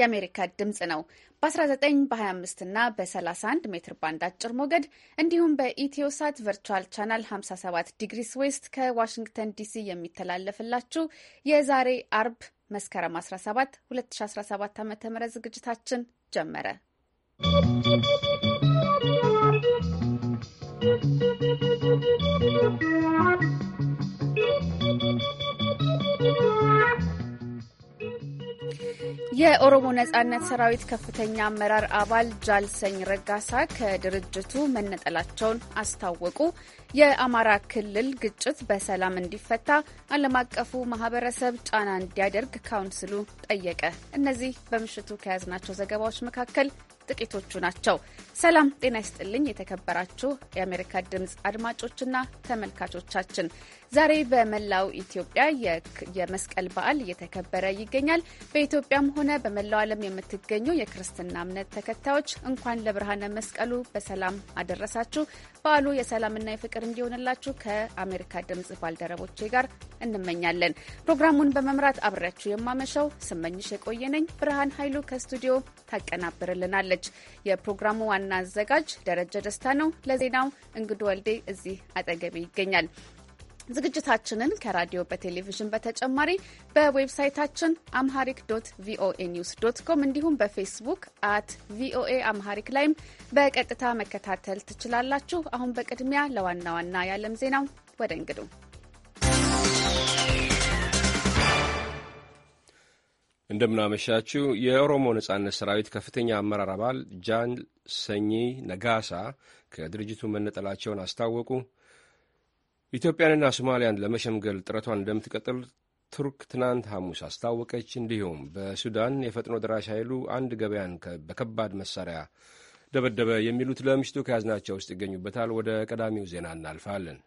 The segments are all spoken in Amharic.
የአሜሪካ ድምፅ ነው። በ19 በ25 እና በ31 ሜትር ባንድ አጭር ሞገድ እንዲሁም በኢትዮሳት ቨርቹዋል ቻናል 57 ዲግሪስ ዌስት ከዋሽንግተን ዲሲ የሚተላለፍላችሁ የዛሬ አርብ መስከረም 17 2017 ዓ ም ዝግጅታችን ጀመረ። ¶¶ የኦሮሞ ነጻነት ሰራዊት ከፍተኛ አመራር አባል ጃልሰኝ ረጋሳ ከድርጅቱ መነጠላቸውን አስታወቁ። የአማራ ክልል ግጭት በሰላም እንዲፈታ ዓለም አቀፉ ማህበረሰብ ጫና እንዲያደርግ ካውንስሉ ጠየቀ። እነዚህ በምሽቱ ከያዝናቸው ዘገባዎች መካከል ጥቂቶቹ ናቸው። ሰላም ጤና ይስጥልኝ። የተከበራችሁ የአሜሪካ ድምፅ አድማጮችና ተመልካቾቻችን ዛሬ በመላው ኢትዮጵያ የመስቀል በዓል እየተከበረ ይገኛል። በኢትዮጵያም ሆነ በመላው ዓለም የምትገኙ የክርስትና እምነት ተከታዮች እንኳን ለብርሃነ መስቀሉ በሰላም አደረሳችሁ። በዓሉ የሰላምና የፍቅር እንዲሆንላችሁ ከአሜሪካ ድምጽ ባልደረቦቼ ጋር እንመኛለን። ፕሮግራሙን በመምራት አብሬያችሁ የማመሻው ስመኝሽ የቆየነኝ። ብርሃን ኃይሉ ከስቱዲዮ ታቀናብርልናለች። የፕሮግራሙ ዋና አዘጋጅ ደረጀ ደስታ ነው። ለዜናው እንግዱ ወልዴ እዚህ አጠገቤ ይገኛል። ዝግጅታችንን ከራዲዮ በቴሌቪዥን በተጨማሪ በዌብሳይታችን አምሃሪክ ዶት ቪኦኤ ኒውስ ዶት ኮም እንዲሁም በፌስቡክ አት ቪኦኤ አምሃሪክ ላይም በቀጥታ መከታተል ትችላላችሁ። አሁን በቅድሚያ ለዋና ዋና የዓለም ዜናው ወደ እንግዱ እንደምናመሻችው የኦሮሞ ነጻነት ሰራዊት ከፍተኛ አመራር አባል ጃን ሰኚ ነጋሳ ከድርጅቱ መነጠላቸውን አስታወቁ። ኢትዮጵያንና ሶማሊያን ለመሸምገል ጥረቷን እንደምትቀጥል ቱርክ ትናንት ሐሙስ አስታወቀች። እንዲሁም በሱዳን የፈጥኖ ደራሽ ኃይሉ አንድ ገበያን በከባድ መሳሪያ ደበደበ። የሚሉት ለምሽቱ ከያዝናቸው ውስጥ ይገኙበታል። ወደ ቀዳሚው ዜና እናልፋለን።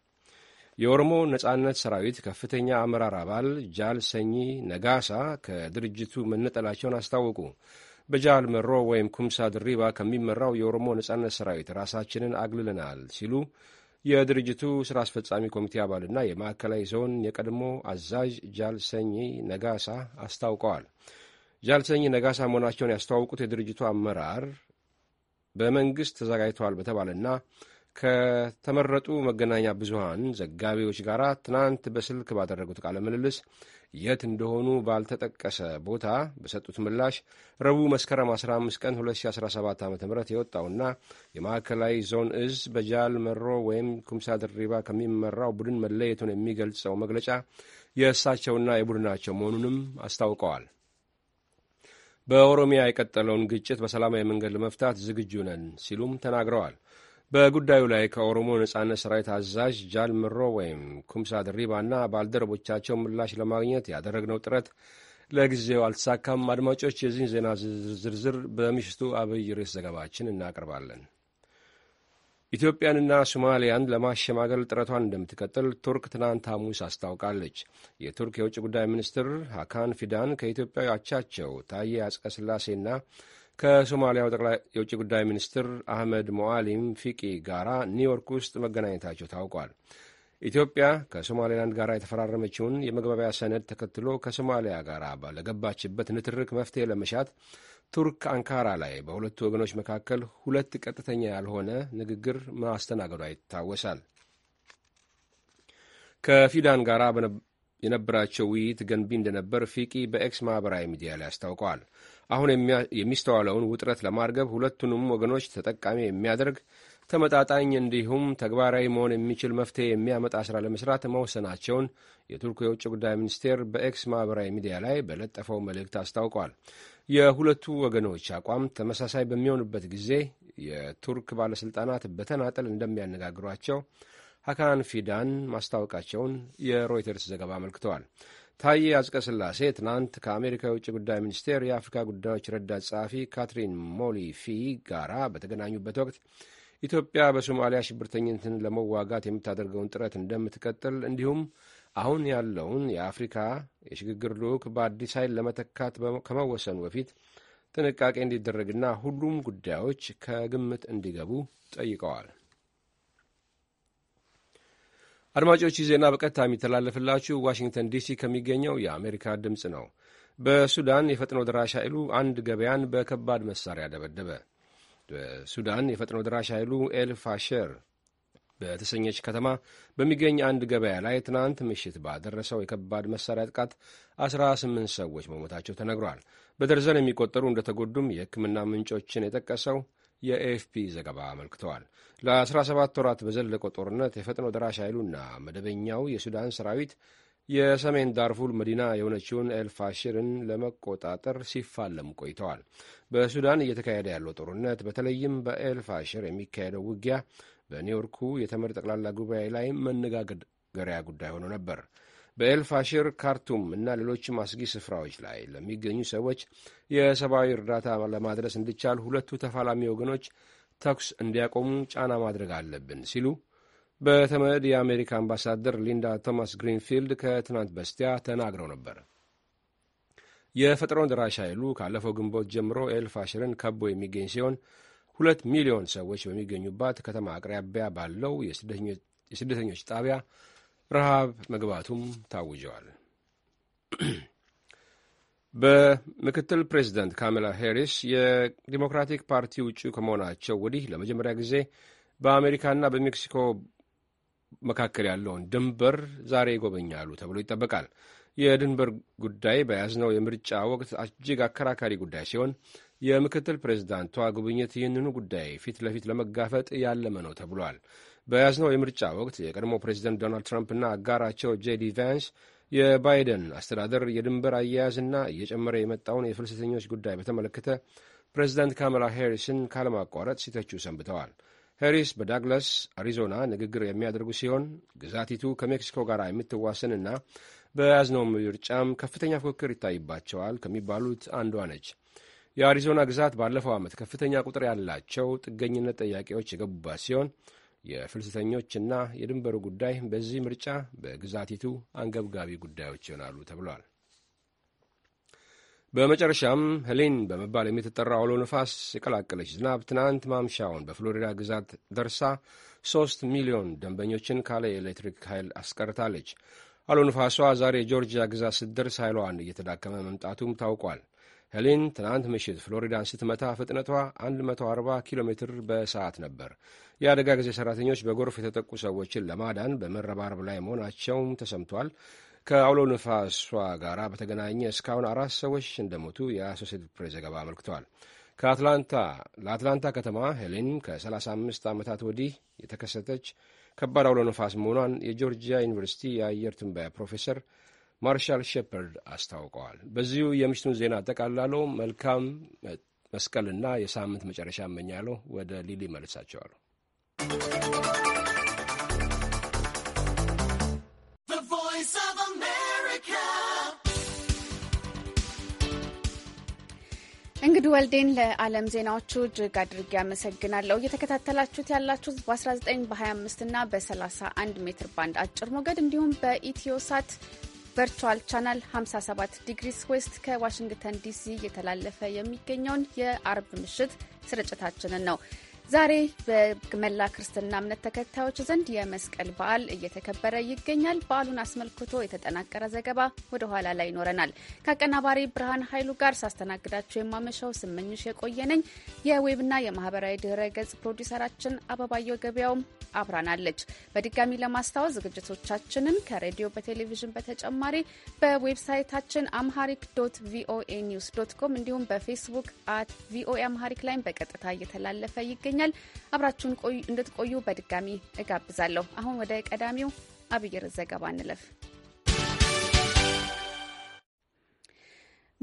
የኦሮሞ ነጻነት ሰራዊት ከፍተኛ አመራር አባል ጃል ሰኚ ነጋሳ ከድርጅቱ መነጠላቸውን አስታወቁ። በጃል መሮ ወይም ኩምሳ ድሪባ ከሚመራው የኦሮሞ ነጻነት ሰራዊት ራሳችንን አግልለናል ሲሉ የድርጅቱ ሥራ አስፈጻሚ ኮሚቴ አባልና የማዕከላዊ ዞን የቀድሞ አዛዥ ጃልሰኝ ነጋሳ አስታውቀዋል። ጃልሰኝ ነጋሳ መሆናቸውን ያስተዋውቁት የድርጅቱ አመራር በመንግሥት ተዘጋጅተዋል በተባለና ከተመረጡ መገናኛ ብዙሃን ዘጋቢዎች ጋር ትናንት በስልክ ባደረጉት ቃለ ምልልስ የት እንደሆኑ ባልተጠቀሰ ቦታ በሰጡት ምላሽ ረቡዕ መስከረም 15 ቀን 2017 ዓ ም የወጣውና የማዕከላዊ ዞን እዝ በጃል መሮ ወይም ኩምሳ ድሪባ ከሚመራው ቡድን መለየቱን የሚገልጸው መግለጫ የእሳቸውና የቡድናቸው መሆኑንም አስታውቀዋል። በኦሮሚያ የቀጠለውን ግጭት በሰላማዊ መንገድ ለመፍታት ዝግጁ ነን ሲሉም ተናግረዋል። በጉዳዩ ላይ ከኦሮሞ ነጻነት ሠራዊት አዛዥ ጃል ምሮ ወይም ኩምሳ ድሪባና ባልደረቦቻቸው ምላሽ ለማግኘት ያደረግነው ጥረት ለጊዜው አልተሳካም። አድማጮች፣ የዚህን ዜና ዝርዝር በምሽቱ አብይ ርዕስ ዘገባችን እናቀርባለን። ኢትዮጵያንና ሶማሊያን ለማሸማገል ጥረቷን እንደምትቀጥል ቱርክ ትናንት ሐሙስ አስታውቃለች። የቱርክ የውጭ ጉዳይ ሚኒስትር ሀካን ፊዳን ከኢትዮጵያ አቻቸው ታዬ አጽቀሥላሴና ከሶማሊያው ጠቅላይ የውጭ ጉዳይ ሚኒስትር አህመድ ሞአሊም ፊቂ ጋራ ኒውዮርክ ውስጥ መገናኘታቸው ታውቋል። ኢትዮጵያ ከሶማሌላንድ ጋር የተፈራረመችውን የመግባቢያ ሰነድ ተከትሎ ከሶማሊያ ጋር ባለገባችበት ንትርክ መፍትሄ ለመሻት ቱርክ አንካራ ላይ በሁለቱ ወገኖች መካከል ሁለት ቀጥተኛ ያልሆነ ንግግር ማስተናገዷ ይታወሳል። ከፊዳን ጋር የነበራቸው ውይይት ገንቢ እንደነበር ፊቂ በኤክስ ማኅበራዊ ሚዲያ ላይ አስታውቀዋል። አሁን የሚስተዋለውን ውጥረት ለማርገብ ሁለቱንም ወገኖች ተጠቃሚ የሚያደርግ ተመጣጣኝ እንዲሁም ተግባራዊ መሆን የሚችል መፍትሄ የሚያመጣ ስራ ለመስራት መወሰናቸውን የቱርክ የውጭ ጉዳይ ሚኒስቴር በኤክስ ማኅበራዊ ሚዲያ ላይ በለጠፈው መልእክት አስታውቋል። የሁለቱ ወገኖች አቋም ተመሳሳይ በሚሆንበት ጊዜ የቱርክ ባለሥልጣናት በተናጠል እንደሚያነጋግሯቸው ሀካን ፊዳን ማስታወቃቸውን የሮይተርስ ዘገባ አመልክተዋል። ታዬ አጽቀሥላሴ ትናንት ከአሜሪካ የውጭ ጉዳይ ሚኒስቴር የአፍሪካ ጉዳዮች ረዳት ጸሐፊ ካትሪን ሞሊፊ ጋራ በተገናኙበት ወቅት ኢትዮጵያ በሶማሊያ ሽብርተኝነትን ለመዋጋት የምታደርገውን ጥረት እንደምትቀጥል እንዲሁም አሁን ያለውን የአፍሪካ የሽግግር ልዑክ በአዲስ ኃይል ለመተካት ከመወሰኑ በፊት ጥንቃቄ እንዲደረግና ሁሉም ጉዳዮች ከግምት እንዲገቡ ጠይቀዋል። አድማጮች ዜና በቀጥታ የሚተላለፍላችሁ ዋሽንግተን ዲሲ ከሚገኘው የአሜሪካ ድምፅ ነው። በሱዳን የፈጥኖ ደራሽ ኃይሉ አንድ ገበያን በከባድ መሳሪያ ደበደበ። በሱዳን የፈጥኖ ደራሽ ኃይሉ ኤልፋሸር በተሰኘች ከተማ በሚገኝ አንድ ገበያ ላይ ትናንት ምሽት ባደረሰው የከባድ መሳሪያ ጥቃት 18 ሰዎች መሞታቸው ተነግሯል። በደርዘን የሚቆጠሩ እንደተጎዱም የሕክምና ምንጮችን የጠቀሰው የኤኤፍፒ ዘገባ አመልክተዋል። ለ17 ወራት በዘለቀው ጦርነት የፈጥኖ ደራሽ ኃይሉና መደበኛው የሱዳን ሰራዊት የሰሜን ዳርፉር መዲና የሆነችውን ኤልፋሽርን ለመቆጣጠር ሲፋለሙ ቆይተዋል። በሱዳን እየተካሄደ ያለው ጦርነት በተለይም በኤልፋሽር የሚካሄደው ውጊያ በኒውዮርኩ የተመድ ጠቅላላ ጉባኤ ላይ መነጋገሪያ ጉዳይ ሆኖ ነበር። በኤልፋሽር ካርቱም እና ሌሎችም አስጊ ስፍራዎች ላይ ለሚገኙ ሰዎች የሰብአዊ እርዳታ ለማድረስ እንዲቻል ሁለቱ ተፋላሚ ወገኖች ተኩስ እንዲያቆሙ ጫና ማድረግ አለብን ሲሉ በተመድ የአሜሪካ አምባሳደር ሊንዳ ቶማስ ግሪንፊልድ ከትናንት በስቲያ ተናግረው ነበር። የፈጥኖ ደራሽ ኃይሉ ካለፈው ግንቦት ጀምሮ ኤልፋሽርን ከቦ የሚገኝ ሲሆን ሁለት ሚሊዮን ሰዎች በሚገኙባት ከተማ አቅራቢያ ባለው የስደተኞች ጣቢያ ረሃብ መግባቱም ታውጀዋል። በምክትል ፕሬዚደንት ካሜላ ሄሪስ የዲሞክራቲክ ፓርቲ ውጪ ከመሆናቸው ወዲህ ለመጀመሪያ ጊዜ በአሜሪካና በሜክሲኮ መካከል ያለውን ድንበር ዛሬ ይጎበኛሉ ተብሎ ይጠበቃል። የድንበር ጉዳይ በያዝነው የምርጫ ወቅት እጅግ አከራካሪ ጉዳይ ሲሆን የምክትል ፕሬዚዳንቷ ጉብኝት ይህንኑ ጉዳይ ፊት ለፊት ለመጋፈጥ ያለመ ነው ተብሏል። በያዝነው የምርጫ ወቅት የቀድሞ ፕሬዚደንት ዶናልድ ትራምፕና አጋራቸው ጄዲ ቫንስ የባይደን አስተዳደር የድንበር አያያዝና እየጨመረ የመጣውን የፍልሰተኞች ጉዳይ በተመለከተ ፕሬዚዳንት ካማላ ሄሪስን ካለማቋረጥ ሲተቹ ሰንብተዋል። ሄሪስ በዳግላስ አሪዞና ንግግር የሚያደርጉ ሲሆን ግዛቲቱ ከሜክሲኮ ጋር የምትዋሰንና በያዝነው ምርጫም ከፍተኛ ፉክክር ይታይባቸዋል ከሚባሉት አንዷ ነች። የአሪዞና ግዛት ባለፈው ዓመት ከፍተኛ ቁጥር ያላቸው ጥገኝነት ጥያቄዎች የገቡባት ሲሆን የፍልሰተኞችና የድንበሩ ጉዳይ በዚህ ምርጫ በግዛቲቱ አንገብጋቢ ጉዳዮች ይሆናሉ ተብሏል። በመጨረሻም ሄሌን በመባል የምትጠራ አውሎ ነፋስ የቀላቀለች ዝናብ ትናንት ማምሻውን በፍሎሪዳ ግዛት ደርሳ ሶስት ሚሊዮን ደንበኞችን ካለ የኤሌክትሪክ ኃይል አስቀርታለች። አውሎ ነፋሷ ዛሬ ጆርጂያ ግዛት ስትደርስ ኃይሏን እየተዳከመ መምጣቱም ታውቋል። ሄሌን ትናንት ምሽት ፍሎሪዳን ስትመታ ፍጥነቷ 140 ኪሎ ሜትር በሰዓት ነበር። የአደጋ ጊዜ ሠራተኞች በጎርፍ የተጠቁ ሰዎችን ለማዳን በመረባረብ ላይ መሆናቸውም ተሰምቷል። ከአውሎ ነፋሷ ጋር በተገናኘ እስካሁን አራት ሰዎች እንደሞቱ የአሶሴትድ ፕሬስ ዘገባ አመልክቷል። ከአትላንታ ለአትላንታ ከተማ ሄሌን ከ35 ዓመታት ወዲህ የተከሰተች ከባድ አውሎ ነፋስ መሆኗን የጆርጂያ ዩኒቨርሲቲ የአየር ትንበያ ፕሮፌሰር ማርሻል ሼፐርድ አስታውቀዋል። በዚሁ የምሽቱን ዜና አጠቃላለሁ። መልካም መስቀልና የሳምንት መጨረሻ እመኛለሁ። ወደ ሊሊ መልሳቸዋለሁ። እንግዲ ወልዴን ለዓለም ዜናዎቹ እጅግ አድርጌ ያመሰግናለሁ። እየተከታተላችሁት ያላችሁት በ19 በ25 እና በ31 ሜትር ባንድ አጭር ሞገድ እንዲሁም በኢትዮሳት ቨርቹዋል ቻናል 57 ዲግሪስ ዌስት ከዋሽንግተን ዲሲ እየተላለፈ የሚገኘውን የአርብ ምሽት ስርጭታችንን ነው። ዛሬ በመላ ክርስትና እምነት ተከታዮች ዘንድ የመስቀል በዓል እየተከበረ ይገኛል። በዓሉን አስመልክቶ የተጠናቀረ ዘገባ ወደ ኋላ ላይ ይኖረናል። ከአቀናባሪ ብርሃን ኃይሉ ጋር ሳስተናግዳቸው የማመሻው ስመኝሽ የቆየ ነኝ። የዌብና የማህበራዊ ድህረ ገጽ ፕሮዲሰራችን አበባየው ገበያውም አብራናለች። በድጋሚ ለማስታወስ ዝግጅቶቻችንን ከሬዲዮ በቴሌቪዥን በተጨማሪ በዌብሳይታችን አምሃሪክ ዶት ቪኦኤ ኒውስ ዶት ኮም እንዲሁም በፌስቡክ አት ቪኦኤ አምሃሪክ ላይም በቀጥታ እየተላለፈ ይገኛል። ይገኛል። አብራችሁን እንድትቆዩ በድጋሚ እጋብዛለሁ። አሁን ወደ ቀዳሚው አብይር ዘገባ እንለፍ።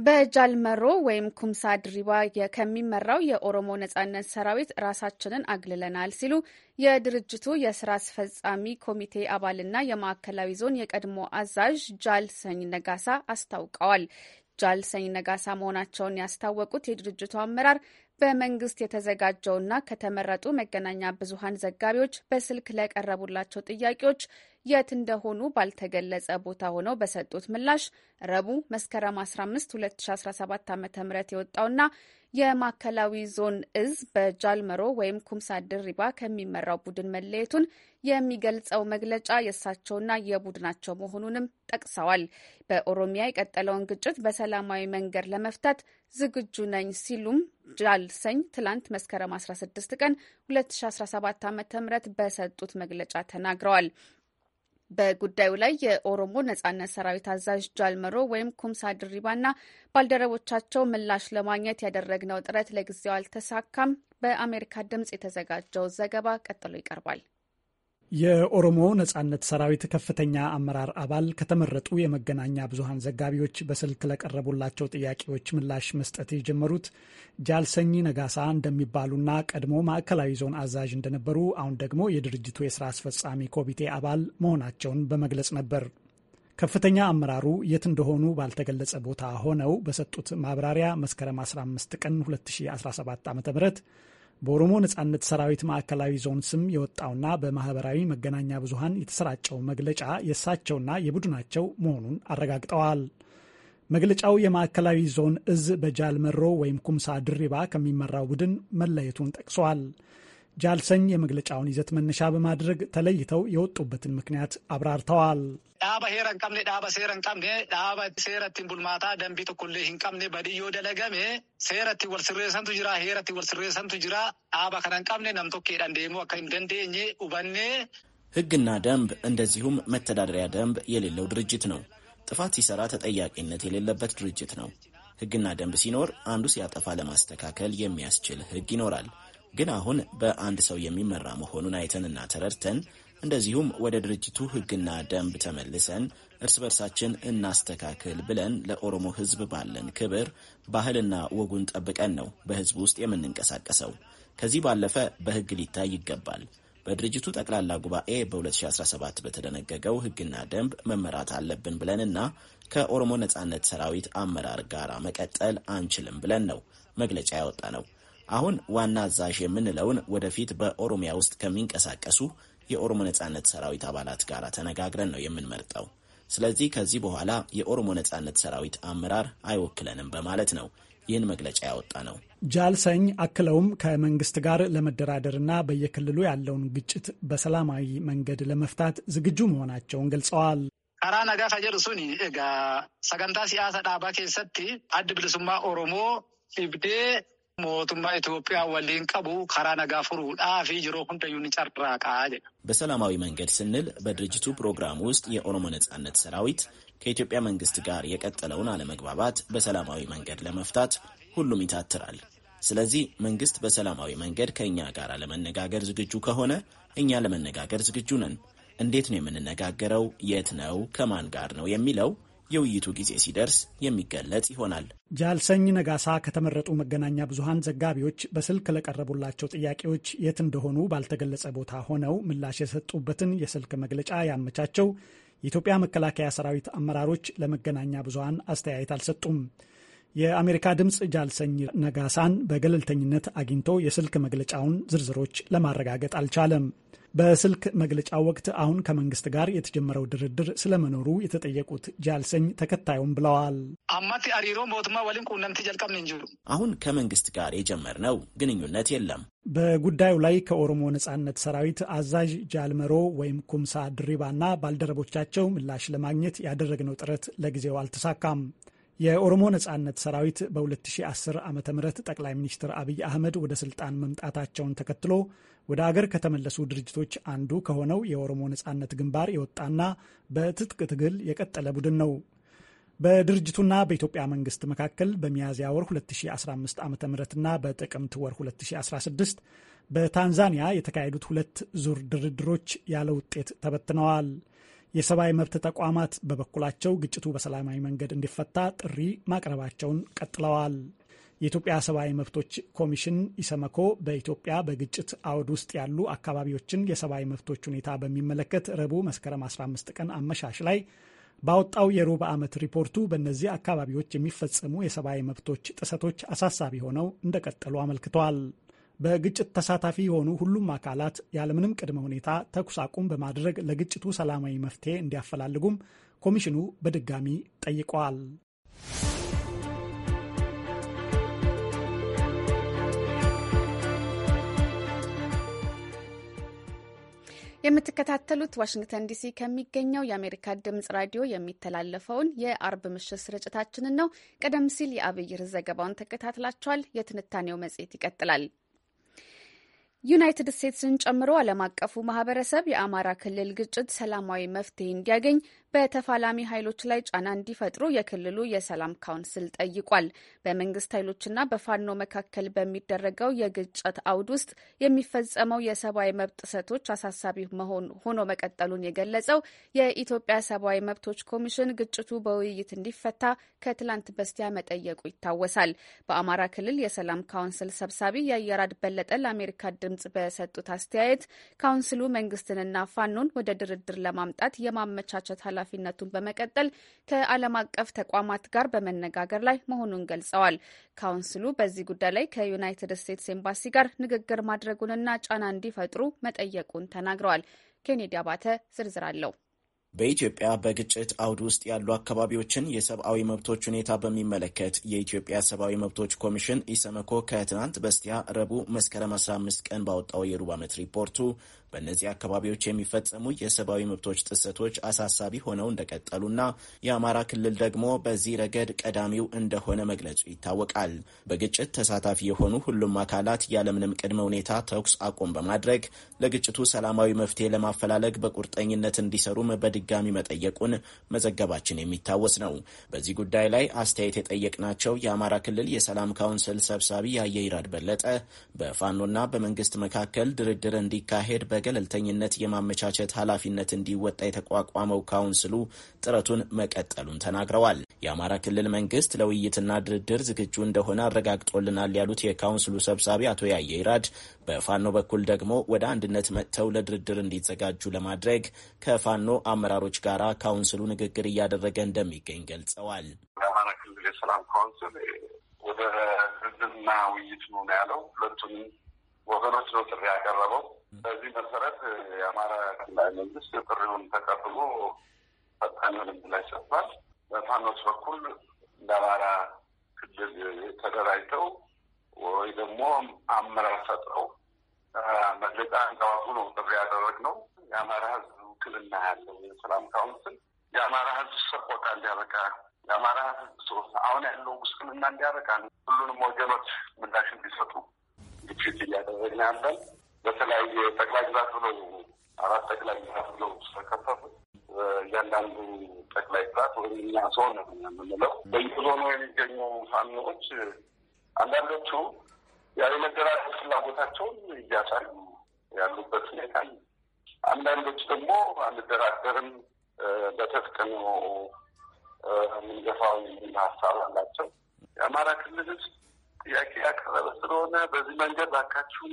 በጃልመሮ ወይም ኩምሳ ድሪባ ከሚመራው የኦሮሞ ነጻነት ሰራዊት ራሳችንን አግልለናል ሲሉ የድርጅቱ የስራ አስፈጻሚ ኮሚቴ አባልና የማዕከላዊ ዞን የቀድሞ አዛዥ ጃል ሰኝ ነጋሳ አስታውቀዋል። ጃል ሰኝ ነጋሳ መሆናቸውን ያስታወቁት የድርጅቱ አመራር በመንግስት የተዘጋጀውና ከተመረጡ መገናኛ ብዙሃን ዘጋቢዎች በስልክ ለቀረቡላቸው ጥያቄዎች የት እንደሆኑ ባልተገለጸ ቦታ ሆነው በሰጡት ምላሽ ረቡዕ መስከረም 15 2017 ዓ ም የወጣውና የማዕከላዊ ዞን እዝ በጃልመሮ ወይም ኩምሳ ድሪባ ከሚመራው ቡድን መለየቱን የሚገልጸው መግለጫ የእሳቸውና የቡድናቸው መሆኑንም ጠቅሰዋል። በኦሮሚያ የቀጠለውን ግጭት በሰላማዊ መንገድ ለመፍታት ዝግጁ ነኝ ሲሉም ጃልሰኝ ትላንት መስከረም 16 ቀን 2017 ዓ ም በሰጡት መግለጫ ተናግረዋል። በጉዳዩ ላይ የኦሮሞ ነጻነት ሰራዊት አዛዥ ጃልመሮ ወይም ኩምሳ ድሪባና ባልደረቦቻቸው ምላሽ ለማግኘት ያደረግነው ጥረት ለጊዜው አልተሳካም። በአሜሪካ ድምጽ የተዘጋጀው ዘገባ ቀጥሎ ይቀርባል። የኦሮሞ ነጻነት ሰራዊት ከፍተኛ አመራር አባል ከተመረጡ የመገናኛ ብዙሀን ዘጋቢዎች በስልክ ለቀረቡላቸው ጥያቄዎች ምላሽ መስጠት የጀመሩት ጃልሰኝ ነጋሳ እንደሚባሉና ቀድሞ ማዕከላዊ ዞን አዛዥ እንደነበሩ አሁን ደግሞ የድርጅቱ የስራ አስፈጻሚ ኮሚቴ አባል መሆናቸውን በመግለጽ ነበር። ከፍተኛ አመራሩ የት እንደሆኑ ባልተገለጸ ቦታ ሆነው በሰጡት ማብራሪያ መስከረም 15 ቀን 2017 .ም በኦሮሞ ነጻነት ሰራዊት ማዕከላዊ ዞን ስም የወጣውና በማህበራዊ መገናኛ ብዙኃን የተሰራጨው መግለጫ የእሳቸውና የቡድናቸው መሆኑን አረጋግጠዋል። መግለጫው የማዕከላዊ ዞን እዝ በጃል መሮ ወይም ኩምሳ ድሪባ ከሚመራው ቡድን መለየቱን ጠቅሷል። ጃልሰኝ የመግለጫውን ይዘት መነሻ በማድረግ ተለይተው የወጡበትን ምክንያት አብራርተዋል። ዳባ ሄረን ቀምኔ ሴረን ቀምኔ ቡልማታ ደንቢ በድዮ ደለገሜ ወልስሬሰንቱ ጅራ ወልስሬሰንቱ ጅራ ከነን ቀምኔ ነምቶኬ ደንዴሙ ህግና ደንብ እንደዚሁም መተዳደሪያ ደንብ የሌለው ድርጅት ነው። ጥፋት ሲሰራ ተጠያቂነት የሌለበት ድርጅት ነው። ህግና ደንብ ሲኖር አንዱ ሲያጠፋ ለማስተካከል የሚያስችል ህግ ይኖራል። ግን አሁን በአንድ ሰው የሚመራ መሆኑን አይተንና ተረድተን እንደዚሁም ወደ ድርጅቱ ሕግና ደንብ ተመልሰን እርስ በርሳችን እናስተካክል ብለን ለኦሮሞ ሕዝብ ባለን ክብር ባህልና ወጉን ጠብቀን ነው በሕዝብ ውስጥ የምንንቀሳቀሰው። ከዚህ ባለፈ በሕግ ሊታይ ይገባል። በድርጅቱ ጠቅላላ ጉባኤ በ2017 በተደነገገው ሕግና ደንብ መመራት አለብን ብለንና ከኦሮሞ ነጻነት ሰራዊት አመራር ጋር መቀጠል አንችልም ብለን ነው መግለጫ ያወጣ ነው። አሁን ዋና አዛዥ የምንለውን ወደፊት በኦሮሚያ ውስጥ ከሚንቀሳቀሱ የኦሮሞ ነጻነት ሰራዊት አባላት ጋር ተነጋግረን ነው የምንመርጠው። ስለዚህ ከዚህ በኋላ የኦሮሞ ነጻነት ሰራዊት አመራር አይወክለንም በማለት ነው ይህን መግለጫ ያወጣ ነው። ጃልሰኝ አክለውም ከመንግስት ጋር ለመደራደርና በየክልሉ ያለውን ግጭት በሰላማዊ መንገድ ለመፍታት ዝግጁ መሆናቸውን ገልጸዋል። ከራ ነጋ ከጀር ሱኒ ጋ ሰገንታ ሲያሰ ዳባ ኬሰቲ አድ ብልሱማ ኦሮሞ ኢብዴ ሞቱማ ኢትዮጵያ ወሊን ቀቡ ከራ ነጋ ዳፊ ጅሮ ሁንደዩን ጨራቃ በሰላማዊ መንገድ ስንል በድርጅቱ ፕሮግራም ውስጥ የኦሮሞ ነጻነት ሰራዊት ከኢትዮጵያ መንግስት ጋር የቀጠለውን አለመግባባት በሰላማዊ መንገድ ለመፍታት ሁሉም ይታትራል። ስለዚህ መንግስት በሰላማዊ መንገድ ከእኛ ጋር ለመነጋገር ዝግጁ ከሆነ እኛ ለመነጋገር ዝግጁ ነን። እንዴት ነው የምንነጋገረው? የት ነው? ከማን ጋር ነው? የሚለው የውይይቱ ጊዜ ሲደርስ የሚገለጽ ይሆናል። ጃልሰኝ ነጋሳ ከተመረጡ መገናኛ ብዙሃን ዘጋቢዎች በስልክ ለቀረቡላቸው ጥያቄዎች የት እንደሆኑ ባልተገለጸ ቦታ ሆነው ምላሽ የሰጡበትን የስልክ መግለጫ ያመቻቸው የኢትዮጵያ መከላከያ ሰራዊት አመራሮች ለመገናኛ ብዙሃን አስተያየት አልሰጡም። የአሜሪካ ድምፅ ጃልሰኝ ነጋሳን በገለልተኝነት አግኝቶ የስልክ መግለጫውን ዝርዝሮች ለማረጋገጥ አልቻለም። በስልክ መግለጫው ወቅት አሁን ከመንግስት ጋር የተጀመረው ድርድር ስለመኖሩ የተጠየቁት ጃልሰኝ ተከታዩም ብለዋል። አማት አሪሮ ሞትማ ወሊም ቁነምት ጀልቀም እንጂ አሁን ከመንግስት ጋር የጀመርነው ግንኙነት የለም። በጉዳዩ ላይ ከኦሮሞ ነጻነት ሰራዊት አዛዥ ጃልመሮ ወይም ኩምሳ ድሪባና ባልደረቦቻቸው ምላሽ ለማግኘት ያደረግነው ጥረት ለጊዜው አልተሳካም። የኦሮሞ ነጻነት ሰራዊት በ2010 ዓ ም ጠቅላይ ሚኒስትር አብይ አህመድ ወደ ስልጣን መምጣታቸውን ተከትሎ ወደ አገር ከተመለሱ ድርጅቶች አንዱ ከሆነው የኦሮሞ ነጻነት ግንባር የወጣና በትጥቅ ትግል የቀጠለ ቡድን ነው። በድርጅቱና በኢትዮጵያ መንግስት መካከል በሚያዝያ ወር 2015 ዓ ምና በጥቅምት ወር 2016 በታንዛኒያ የተካሄዱት ሁለት ዙር ድርድሮች ያለ ውጤት ተበትነዋል። የሰብአዊ መብት ተቋማት በበኩላቸው ግጭቱ በሰላማዊ መንገድ እንዲፈታ ጥሪ ማቅረባቸውን ቀጥለዋል። የኢትዮጵያ ሰብአዊ መብቶች ኮሚሽን ኢሰመኮ በኢትዮጵያ በግጭት አውድ ውስጥ ያሉ አካባቢዎችን የሰብአዊ መብቶች ሁኔታ በሚመለከት ረቡዕ መስከረም 15 ቀን አመሻሽ ላይ ባወጣው የሩብ ዓመት ሪፖርቱ በእነዚህ አካባቢዎች የሚፈጸሙ የሰብአዊ መብቶች ጥሰቶች አሳሳቢ ሆነው እንደቀጠሉ አመልክተዋል። በግጭት ተሳታፊ የሆኑ ሁሉም አካላት ያለምንም ቅድመ ሁኔታ ተኩስ አቁም በማድረግ ለግጭቱ ሰላማዊ መፍትሄ እንዲያፈላልጉም ኮሚሽኑ በድጋሚ ጠይቀዋል። የምትከታተሉት ዋሽንግተን ዲሲ ከሚገኘው የአሜሪካ ድምጽ ራዲዮ የሚተላለፈውን የአርብ ምሽት ስርጭታችንን ነው። ቀደም ሲል የአብይር ዘገባውን ተከታትላችኋል። የትንታኔው መጽሔት ይቀጥላል። ዩናይትድ ስቴትስን ጨምሮ ዓለም አቀፉ ማህበረሰብ የአማራ ክልል ግጭት ሰላማዊ መፍትሄ እንዲያገኝ በተፋላሚ ኃይሎች ላይ ጫና እንዲፈጥሩ የክልሉ የሰላም ካውንስል ጠይቋል። በመንግስት ኃይሎችና በፋኖ መካከል በሚደረገው የግጭት አውድ ውስጥ የሚፈጸመው የሰብአዊ መብት ጥሰቶች አሳሳቢ ሆኖ መቀጠሉን የገለጸው የኢትዮጵያ ሰብአዊ መብቶች ኮሚሽን ግጭቱ በውይይት እንዲፈታ ከትላንት በስቲያ መጠየቁ ይታወሳል። በአማራ ክልል የሰላም ካውንስል ሰብሳቢ የአየራድ በለጠ ለአሜሪካ ድምጽ በሰጡት አስተያየት ካውንስሉ መንግስትንና ፋኖን ወደ ድርድር ለማምጣት የማመቻቸት ኃላፊነቱን በመቀጠል ከዓለም አቀፍ ተቋማት ጋር በመነጋገር ላይ መሆኑን ገልጸዋል። ካውንስሉ በዚህ ጉዳይ ላይ ከዩናይትድ ስቴትስ ኤምባሲ ጋር ንግግር ማድረጉንና ጫና እንዲፈጥሩ መጠየቁን ተናግረዋል። ኬኔዲ አባተ ዝርዝር አለው። በኢትዮጵያ በግጭት አውድ ውስጥ ያሉ አካባቢዎችን የሰብአዊ መብቶች ሁኔታ በሚመለከት የኢትዮጵያ ሰብአዊ መብቶች ኮሚሽን ኢሰመኮ ከትናንት በስቲያ ረቡዕ መስከረም 15 ቀን ባወጣው የሩብ ዓመት ሪፖርቱ በእነዚህ አካባቢዎች የሚፈጸሙ የሰብአዊ መብቶች ጥሰቶች አሳሳቢ ሆነው እንደቀጠሉና የአማራ ክልል ደግሞ በዚህ ረገድ ቀዳሚው እንደሆነ መግለጹ ይታወቃል። በግጭት ተሳታፊ የሆኑ ሁሉም አካላት ያለምንም ቅድመ ሁኔታ ተኩስ አቁም በማድረግ ለግጭቱ ሰላማዊ መፍትሄ ለማፈላለግ በቁርጠኝነት እንዲሰሩም በድጋሚ መጠየቁን መዘገባችን የሚታወስ ነው። በዚህ ጉዳይ ላይ አስተያየት የጠየቅናቸው የአማራ ክልል የሰላም ካውንስል ሰብሳቢ የአየይራድ በለጠ በፋኖና በመንግስት መካከል ድርድር እንዲካሄድ በ በገለልተኝነት የማመቻቸት ኃላፊነት እንዲወጣ የተቋቋመው ካውንስሉ ጥረቱን መቀጠሉን ተናግረዋል። የአማራ ክልል መንግስት ለውይይትና ድርድር ዝግጁ እንደሆነ አረጋግጦልናል ያሉት የካውንስሉ ሰብሳቢ አቶ ያየ ይራድ በፋኖ በኩል ደግሞ ወደ አንድነት መጥተው ለድርድር እንዲዘጋጁ ለማድረግ ከፋኖ አመራሮች ጋር ካውንስሉ ንግግር እያደረገ እንደሚገኝ ገልጸዋል። የአማራ ክልል የሰላም ካውንስል ወደ ድርድርና ውይይት ነው ያለው። ሁለቱንም ወገኖች ነው ጥሪ ያቀረበው። በዚህ መሰረት የአማራ ክልላዊ መንግስት ጥሪውን ተቀብሎ ፈጣን ልምድ ላይ ሰጥቷል። በፋኖስ በኩል እንደ አማራ ክልል ተደራጅተው ወይ ደግሞ አመራር ፈጥረው መግለጫ እንዳወጡ ነው ጥሪ ያደረግነው። የአማራ ህዝብ ውክልና ያለው የሰላም ካውንስል የአማራ ህዝብ ሰቆቃ እንዲያበቃ፣ የአማራ ህዝብ አሁን ያለው ውስክልና እንዲያበቃ፣ ሁሉንም ወገኖች ምላሽ እንዲሰጡ ግፊት እያደረግን ያለን በተለያየ ጠቅላይ ግዛት ብለው አራት ጠቅላይ ግዛት ብለው ተከፈፉ። እያንዳንዱ ጠቅላይ ግዛት ወይም እኛ ዞን የምንለው በየዞኑ የሚገኙ ፋኖዎች አንዳንዶቹ ያው የመደራጀት ፍላጎታቸውን እያሳዩ ያሉበት ሁኔታ፣ አንዳንዶች ደግሞ አንደራደርም በትጥቅ ነው የምንገፋው የሚል ሀሳብ አላቸው። የአማራ ክልል ህዝብ ጥያቄ ያቀረበ ስለሆነ በዚህ መንገድ ባካችሁን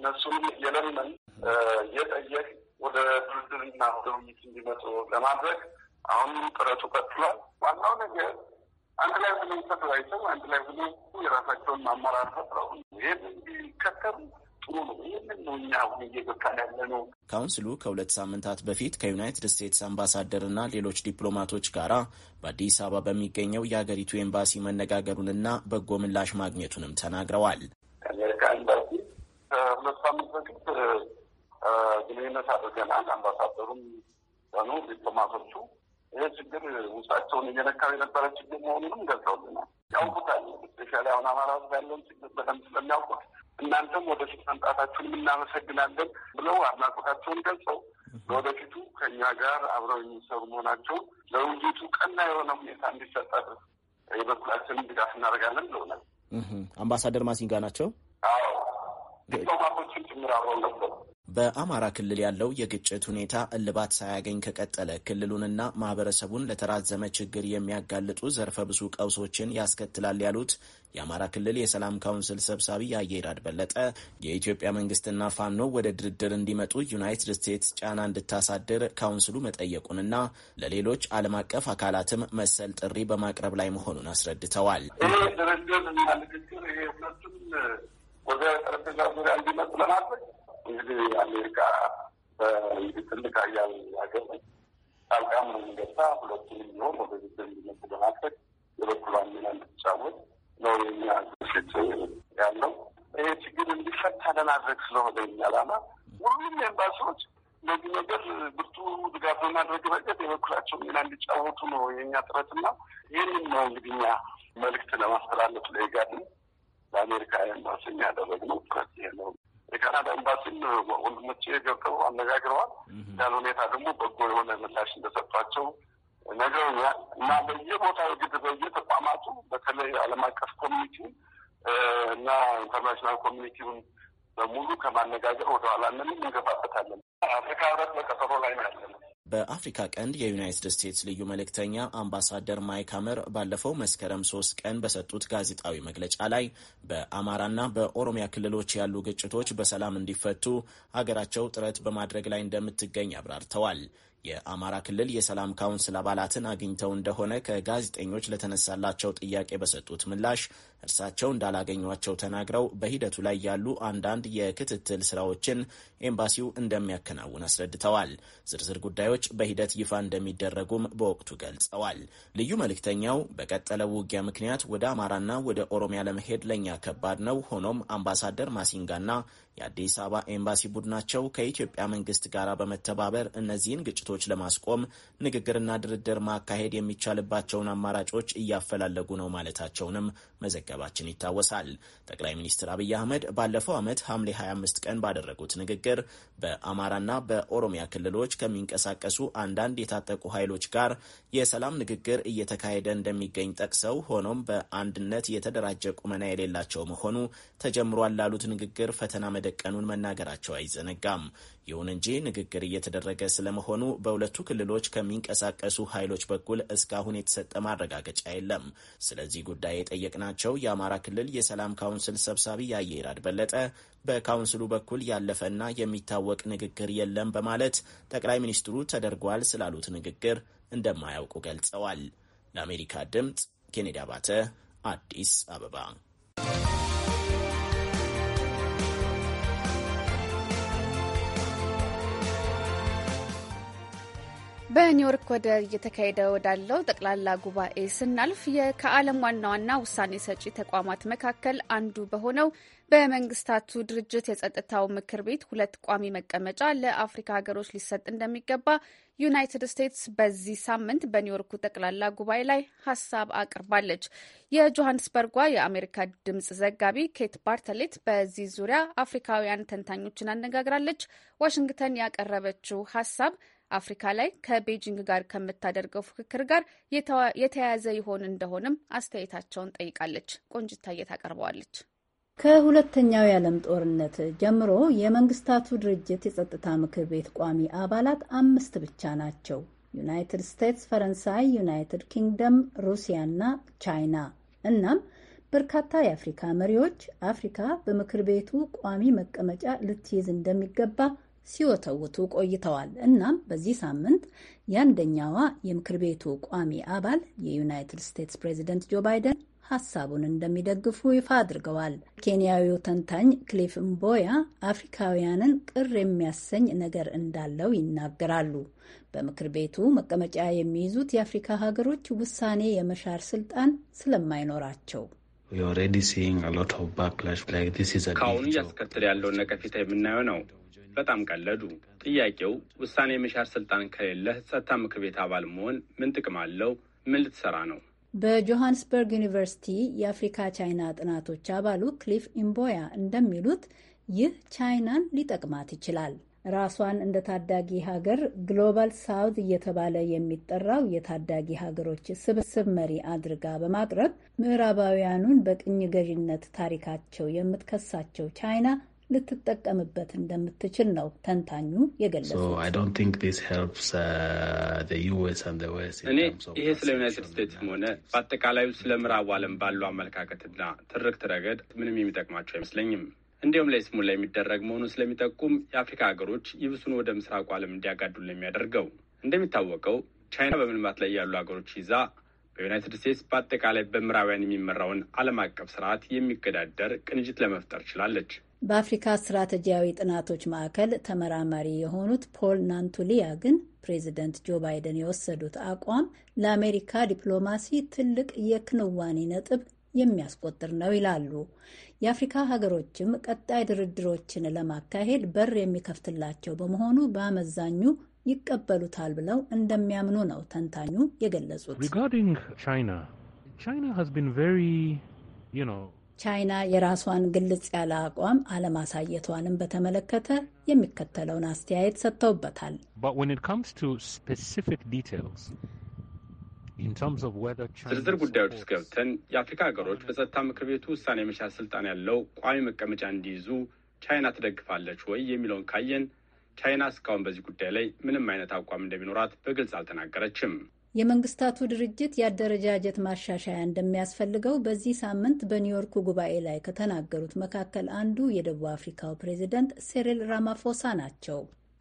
እነሱም የለምን የጠየቅ ወደ ድርድርና ወደ ውይይት እንዲመጡ ለማድረግ አሁንም ጥረቱ ቀጥሏል። ዋናው ነገር አንድ ላይ ብሎ ተደራጅተው አንድ ላይ ብሎ የራሳቸውን አመራር ፈጥረው ይህን እንዲከተሉ ጥሩ ካውንስሉ ከሁለት ሳምንታት በፊት ከዩናይትድ ስቴትስ አምባሳደርና ሌሎች ዲፕሎማቶች ጋር በአዲስ አበባ በሚገኘው የሀገሪቱ ኤምባሲ መነጋገሩንና በጎ ምላሽ ማግኘቱንም ተናግረዋል። ከአሜሪካ ኤምባሲ ከሁለት ሳምንት በፊት ግንኙነት አድርገናል። አምባሳደሩም ሆኑ ዲፕሎማቶቹ ይህ ችግር ውስጣቸውን እየነካው የነበረ ችግር መሆኑንም ገልጸውልናል። ያውቁታል። ስፔሻሊ አሁን አማራ ሕዝብ ያለውን ችግር በደንብ ስለሚያውቁት እናንተም ወደፊት መምጣታችሁን እናመሰግናለን ብለው አድናቆታቸውን ገልጸው ለወደፊቱ ከእኛ ጋር አብረው የሚሰሩ መሆናቸው ለውይይቱ ቀና የሆነ ሁኔታ እንዲሰጠር የበኩላችንን ድጋፍ እናደርጋለን ብለውናል። አምባሳደር ማሲንጋ ናቸው። አዎ ዲፕሎማቶችን ጭምር አብረው ነበሩ። በአማራ ክልል ያለው የግጭት ሁኔታ እልባት ሳያገኝ ከቀጠለ ክልሉንና ማህበረሰቡን ለተራዘመ ችግር የሚያጋልጡ ዘርፈ ብዙ ቀውሶችን ያስከትላል ያሉት የአማራ ክልል የሰላም ካውንስል ሰብሳቢ የአየራድ በለጠ የኢትዮጵያ መንግስትና ፋኖ ወደ ድርድር እንዲመጡ ዩናይትድ ስቴትስ ጫና እንድታሳድር ካውንስሉ መጠየቁንና ለሌሎች ዓለም አቀፍ አካላትም መሰል ጥሪ በማቅረብ ላይ መሆኑን አስረድተዋል። ወደ ጠረጴዛ ዙሪያ እንዲመጡ ለማድረግ እንግዲህ አሜሪካ በትልቅ አያል ሀገር ጣልቃም ነው የሚገባ ሁለቱም ቢሆን ወደ ግድር እንዲመጡ ለማድረግ የበኩሏን ሚና እንድትጫወት ነው የኛ ግፊት ያለው። ይሄ ችግር እንዲፈታ ለማድረግ ስለሆነ የኛ ዓላማ ሁሉም ኤምባሲዎች ለዚህ ነገር ብርቱ ድጋፍ በማድረግ ረገድ የበኩላቸው ሚና እንዲጫወቱ ነው የኛ ጥረትና ይህንን ነው እንግዲህ እኛ መልእክት ለማስተላለፍ ለይጋድን ለአሜሪካ ኤምባሲ ያደረግነው ጥረት ይሄ ነው። የካናዳ ኤምባሲን ወንድሞቼ ገብተው አነጋግረዋል። ያን ሁኔታ ደግሞ በጎ የሆነ ምላሽ እንደሰጧቸው ነገሩኛል እና በየቦታ የግድ በየተቋማቱ በተለይ ዓለም አቀፍ ኮሚኒቲ እና ኢንተርናሽናል ኮሚኒቲውን በሙሉ ከማነጋገር ወደኋላ ምንም እንገፋበታለን። አፍሪካ ህብረት በቀጠሮ ላይ ነው ያለነው በአፍሪካ ቀንድ የዩናይትድ ስቴትስ ልዩ መልእክተኛ አምባሳደር ማይክ አመር ባለፈው መስከረም ሶስት ቀን በሰጡት ጋዜጣዊ መግለጫ ላይ በአማራና በኦሮሚያ ክልሎች ያሉ ግጭቶች በሰላም እንዲፈቱ ሀገራቸው ጥረት በማድረግ ላይ እንደምትገኝ አብራርተዋል። የአማራ ክልል የሰላም ካውንስል አባላትን አግኝተው እንደሆነ ከጋዜጠኞች ለተነሳላቸው ጥያቄ በሰጡት ምላሽ እርሳቸው እንዳላገኟቸው ተናግረው በሂደቱ ላይ ያሉ አንዳንድ የክትትል ስራዎችን ኤምባሲው እንደሚያከናውን አስረድተዋል። ዝርዝር ጉዳዮች በሂደት ይፋ እንደሚደረጉም በወቅቱ ገልጸዋል። ልዩ መልእክተኛው በቀጠለው ውጊያ ምክንያት ወደ አማራና ወደ ኦሮሚያ ለመሄድ ለእኛ ከባድ ነው፣ ሆኖም አምባሳደር ማሲንጋና የአዲስ አበባ ኤምባሲ ቡድናቸው ከኢትዮጵያ መንግስት ጋር በመተባበር እነዚህን ግጭቶች ለማስቆም ንግግርና ድርድር ማካሄድ የሚቻልባቸውን አማራጮች እያፈላለጉ ነው ማለታቸውንም መዘገባችን ይታወሳል። ጠቅላይ ሚኒስትር አብይ አህመድ ባለፈው ዓመት ሐምሌ 25 ቀን ባደረጉት ንግግር በአማራና በኦሮሚያ ክልሎች ከሚንቀሳቀሱ አንዳንድ የታጠቁ ኃይሎች ጋር የሰላም ንግግር እየተካሄደ እንደሚገኝ ጠቅሰው ሆኖም በአንድነት የተደራጀ ቁመና የሌላቸው መሆኑ ተጀምሯል ላሉት ንግግር ፈተና መደቀኑን መናገራቸው አይዘነጋም። ይሁን እንጂ ንግግር እየተደረገ ስለመሆኑ በሁለቱ ክልሎች ከሚንቀሳቀሱ ኃይሎች በኩል እስካሁን የተሰጠ ማረጋገጫ የለም። ስለዚህ ጉዳይ የጠየቅናቸው የአማራ ክልል የሰላም ካውንስል ሰብሳቢ የአየራድ በለጠ በካውንስሉ በኩል ያለፈና የሚታወቅ ንግግር የለም በማለት ጠቅላይ ሚኒስትሩ ተደርጓል ስላሉት ንግግር እንደማያውቁ ገልጸዋል። ለአሜሪካ ድምፅ ኬኔዲ አባተ አዲስ አበባ በኒውዮርክ ወደ እየተካሄደ ወዳለው ጠቅላላ ጉባኤ ስናልፍ ከዓለም ዋና ዋና ውሳኔ ሰጪ ተቋማት መካከል አንዱ በሆነው በመንግስታቱ ድርጅት የጸጥታው ምክር ቤት ሁለት ቋሚ መቀመጫ ለአፍሪካ ሀገሮች ሊሰጥ እንደሚገባ ዩናይትድ ስቴትስ በዚህ ሳምንት በኒውዮርኩ ጠቅላላ ጉባኤ ላይ ሀሳብ አቅርባለች። የጆሃንስበርጓ የአሜሪካ ድምጽ ዘጋቢ ኬት ባርተሌት በዚህ ዙሪያ አፍሪካውያን ተንታኞችን አነጋግራለች። ዋሽንግተን ያቀረበችው ሀሳብ አፍሪካ ላይ ከቤጂንግ ጋር ከምታደርገው ፍክክር ጋር የተያያዘ ይሆን እንደሆንም አስተያየታቸውን ጠይቃለች። ቆንጅታየ ታቀርበዋለች። ከሁለተኛው የዓለም ጦርነት ጀምሮ የመንግስታቱ ድርጅት የጸጥታ ምክር ቤት ቋሚ አባላት አምስት ብቻ ናቸው። ዩናይትድ ስቴትስ፣ ፈረንሳይ፣ ዩናይትድ ኪንግደም፣ ሩሲያና ቻይና። እናም በርካታ የአፍሪካ መሪዎች አፍሪካ በምክር ቤቱ ቋሚ መቀመጫ ልትይዝ እንደሚገባ ሲወተውቱ ቆይተዋል። እናም በዚህ ሳምንት የአንደኛዋ የምክር ቤቱ ቋሚ አባል የዩናይትድ ስቴትስ ፕሬዚደንት ጆ ባይደን ሀሳቡን እንደሚደግፉ ይፋ አድርገዋል። ኬንያዊው ተንታኝ ክሊፍ ምቦያ አፍሪካውያንን ቅር የሚያሰኝ ነገር እንዳለው ይናገራሉ። በምክር ቤቱ መቀመጫ የሚይዙት የአፍሪካ ሀገሮች ውሳኔ የመሻር ስልጣን ስለማይኖራቸው ከአሁኑ እያስከተለ ያለውን ነቀፌታ የምናየው ነው። በጣም ቀለዱ። ጥያቄው ውሳኔ የመሻር ስልጣን ከሌለህ ጸጥታ ምክር ቤት አባል መሆን ምን ጥቅም አለው? ምን ልትሰራ ነው? በጆሃንስበርግ ዩኒቨርሲቲ የአፍሪካ ቻይና ጥናቶች አባሉ ክሊፍ ኢምቦያ እንደሚሉት ይህ ቻይናን ሊጠቅማት ይችላል። ራሷን እንደ ታዳጊ ሀገር ግሎባል ሳውት እየተባለ የሚጠራው የታዳጊ ሀገሮች ስብስብ መሪ አድርጋ በማቅረብ ምዕራባውያኑን በቅኝ ገዥነት ታሪካቸው የምትከሳቸው ቻይና ልትጠቀምበት እንደምትችል ነው ተንታኙ የገለጹት። uh, እኔ ይሄ ስለ ዩናይትድ ስቴትስም ሆነ በአጠቃላዩ ስለ ምዕራቡ ዓለም ባለው አመለካከትና ትርክት ረገድ ምንም የሚጠቅማቸው አይመስለኝም። እንዲሁም ለይስሙላ የሚደረግ መሆኑ ስለሚጠቁም የአፍሪካ ሀገሮች ይብሱን ወደ ምስራቁ ዓለም እንዲያጋዱል የሚያደርገው እንደሚታወቀው ቻይና በምልማት ላይ ያሉ ሀገሮች ይዛ በዩናይትድ ስቴትስ በአጠቃላይ በምዕራባውያን የሚመራውን ዓለም አቀፍ ስርዓት የሚገዳደር ቅንጅት ለመፍጠር ችላለች። በአፍሪካ ስትራቴጂያዊ ጥናቶች ማዕከል ተመራማሪ የሆኑት ፖል ናንቱሊያ ግን ፕሬዚደንት ጆ ባይደን የወሰዱት አቋም ለአሜሪካ ዲፕሎማሲ ትልቅ የክንዋኔ ነጥብ የሚያስቆጥር ነው ይላሉ። የአፍሪካ ሀገሮችም ቀጣይ ድርድሮችን ለማካሄድ በር የሚከፍትላቸው በመሆኑ በአመዛኙ ይቀበሉታል ብለው እንደሚያምኑ ነው ተንታኙ የገለጹት። ቻይና የራሷን ግልጽ ያለ አቋም አለማሳየቷንም በተመለከተ የሚከተለውን አስተያየት ሰጥተውበታል። ዝርዝር ጉዳዮች ውስጥ ገብተን የአፍሪካ ሀገሮች በጸጥታ ምክር ቤቱ ውሳኔ መሻት ስልጣን ያለው ቋሚ መቀመጫ እንዲይዙ ቻይና ትደግፋለች ወይ የሚለውን ካየን ቻይና እስካሁን በዚህ ጉዳይ ላይ ምንም አይነት አቋም እንደሚኖራት በግልጽ አልተናገረችም። የመንግስታቱ ድርጅት የአደረጃጀት ማሻሻያ እንደሚያስፈልገው በዚህ ሳምንት በኒውዮርኩ ጉባኤ ላይ ከተናገሩት መካከል አንዱ የደቡብ አፍሪካው ፕሬዚደንት ሴሪል ራማፎሳ ናቸው።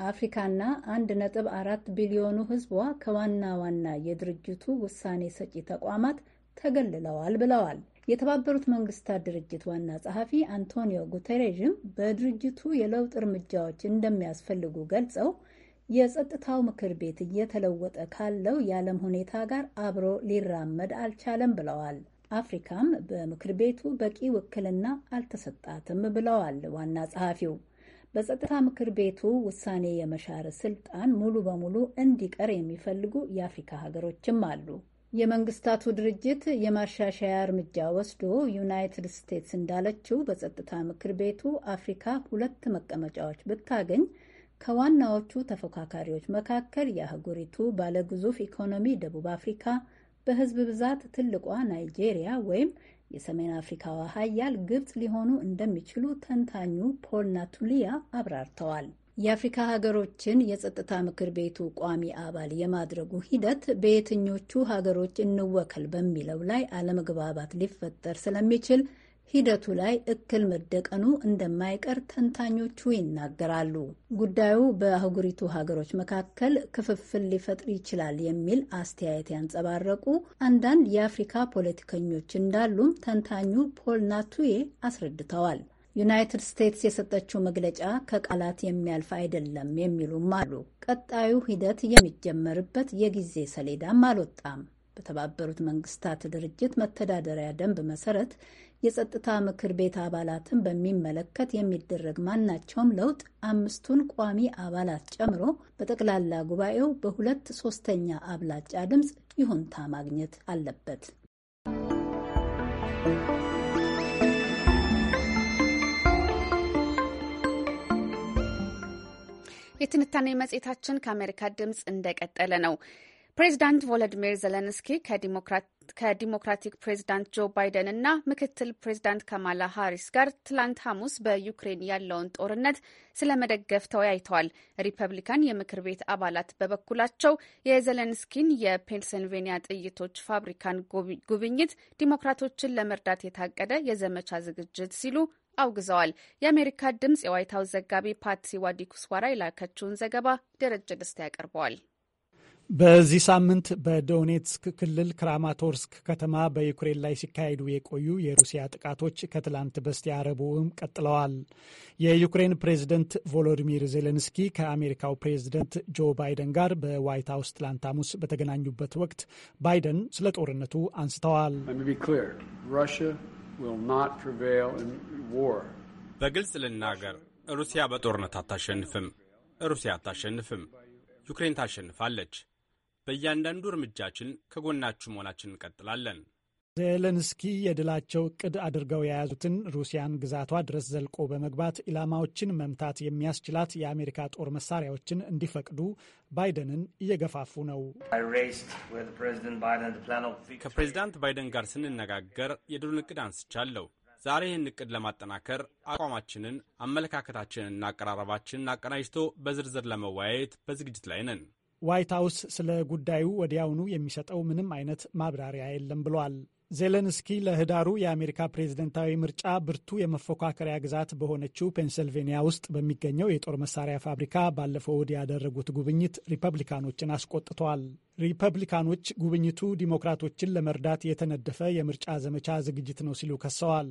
አፍሪካና አንድ ነጥብ አራት ቢሊዮኑ ህዝቧ ከዋና ዋና የድርጅቱ ውሳኔ ሰጪ ተቋማት ተገልለዋል ብለዋል። የተባበሩት መንግስታት ድርጅት ዋና ጸሐፊ አንቶኒዮ ጉተሬዥም በድርጅቱ የለውጥ እርምጃዎች እንደሚያስፈልጉ ገልጸው የጸጥታው ምክር ቤት እየተለወጠ ካለው የዓለም ሁኔታ ጋር አብሮ ሊራመድ አልቻለም ብለዋል። አፍሪካም በምክር ቤቱ በቂ ውክልና አልተሰጣትም ብለዋል ዋና ጸሐፊው። በጸጥታ ምክር ቤቱ ውሳኔ የመሻር ስልጣን ሙሉ በሙሉ እንዲቀር የሚፈልጉ የአፍሪካ ሀገሮችም አሉ። የመንግስታቱ ድርጅት የማሻሻያ እርምጃ ወስዶ ዩናይትድ ስቴትስ እንዳለችው በጸጥታ ምክር ቤቱ አፍሪካ ሁለት መቀመጫዎች ብታገኝ ከዋናዎቹ ተፎካካሪዎች መካከል የአህጉሪቱ ባለግዙፍ ኢኮኖሚ ደቡብ አፍሪካ፣ በህዝብ ብዛት ትልቋ ናይጄሪያ ወይም የሰሜን አፍሪካዋ ሀያል ግብፅ ሊሆኑ እንደሚችሉ ተንታኙ ፖል ናቱሊያ አብራርተዋል። የአፍሪካ ሀገሮችን የጸጥታ ምክር ቤቱ ቋሚ አባል የማድረጉ ሂደት በየትኞቹ ሀገሮች እንወከል በሚለው ላይ አለመግባባት ሊፈጠር ስለሚችል ሂደቱ ላይ እክል መደቀኑ እንደማይቀር ተንታኞቹ ይናገራሉ። ጉዳዩ በአህጉሪቱ ሀገሮች መካከል ክፍፍል ሊፈጥር ይችላል የሚል አስተያየት ያንጸባረቁ አንዳንድ የአፍሪካ ፖለቲከኞች እንዳሉም ተንታኙ ፖል ናቱዬ አስረድተዋል። ዩናይትድ ስቴትስ የሰጠችው መግለጫ ከቃላት የሚያልፍ አይደለም የሚሉም አሉ። ቀጣዩ ሂደት የሚጀመርበት የጊዜ ሰሌዳም አልወጣም። በተባበሩት መንግስታት ድርጅት መተዳደሪያ ደንብ መሰረት የጸጥታ ምክር ቤት አባላትን በሚመለከት የሚደረግ ማናቸውም ለውጥ አምስቱን ቋሚ አባላት ጨምሮ በጠቅላላ ጉባኤው በሁለት ሶስተኛ አብላጫ ድምፅ ይሁንታ ማግኘት አለበት። የትንታኔ መጽሔታችን ከአሜሪካ ድምፅ እንደቀጠለ ነው። ፕሬዚዳንት ቮሎዲሚር ዘለንስኪ ከዲሞክራቲክ ፕሬዚዳንት ጆ ባይደን እና ምክትል ፕሬዚዳንት ካማላ ሃሪስ ጋር ትላንት ሐሙስ በዩክሬን ያለውን ጦርነት ስለመደገፍ ተወያይተዋል። ሪፐብሊካን የምክር ቤት አባላት በበኩላቸው የዘለንስኪን የፔንስልቬንያ ጥይቶች ፋብሪካን ጉብኝት ዲሞክራቶችን ለመርዳት የታቀደ የዘመቻ ዝግጅት ሲሉ አውግዘዋል። የአሜሪካ ድምጽ የዋይት ሀውስ ዘጋቢ ፓትሲ ዋዲኩስዋራ የላከችውን ዘገባ ደረጀ ደስታ ያቀርበዋል። በዚህ ሳምንት በዶኔትስክ ክልል ክራማቶርስክ ከተማ በዩክሬን ላይ ሲካሄዱ የቆዩ የሩሲያ ጥቃቶች ከትላንት በስቲያ ረቡዕም ቀጥለዋል። የዩክሬን ፕሬዝደንት ቮሎዲሚር ዜሌንስኪ ከአሜሪካው ፕሬዝደንት ጆ ባይደን ጋር በዋይት ሀውስ ትላንት ሐሙስ በተገናኙበት ወቅት ባይደን ስለ ጦርነቱ አንስተዋል። በግልጽ ልናገር፣ ሩሲያ በጦርነት አታሸንፍም። ሩሲያ አታሸንፍም። ዩክሬን ታሸንፋለች። በእያንዳንዱ እርምጃችን ከጎናችሁ መሆናችን እንቀጥላለን። ዜሌንስኪ የድላቸው እቅድ አድርገው የያዙትን ሩሲያን ግዛቷ ድረስ ዘልቆ በመግባት ኢላማዎችን መምታት የሚያስችላት የአሜሪካ ጦር መሳሪያዎችን እንዲፈቅዱ ባይደንን እየገፋፉ ነው። ከፕሬዚዳንት ባይደን ጋር ስንነጋገር የድሉን እቅድ አንስቻለሁ። ዛሬ ይህን እቅድ ለማጠናከር አቋማችንን፣ አመለካከታችንንና አቀራረባችንን አቀናጅቶ በዝርዝር ለመወያየት በዝግጅት ላይ ነን። ዋይት ሀውስ ስለ ጉዳዩ ወዲያውኑ የሚሰጠው ምንም አይነት ማብራሪያ የለም ብሏል። ዜሌንስኪ ለህዳሩ የአሜሪካ ፕሬዝደንታዊ ምርጫ ብርቱ የመፎካከሪያ ግዛት በሆነችው ፔንሰልቬኒያ ውስጥ በሚገኘው የጦር መሳሪያ ፋብሪካ ባለፈው እሁድ ያደረጉት ጉብኝት ሪፐብሊካኖችን አስቆጥተዋል። ሪፐብሊካኖች ጉብኝቱ ዲሞክራቶችን ለመርዳት የተነደፈ የምርጫ ዘመቻ ዝግጅት ነው ሲሉ ከሰዋል።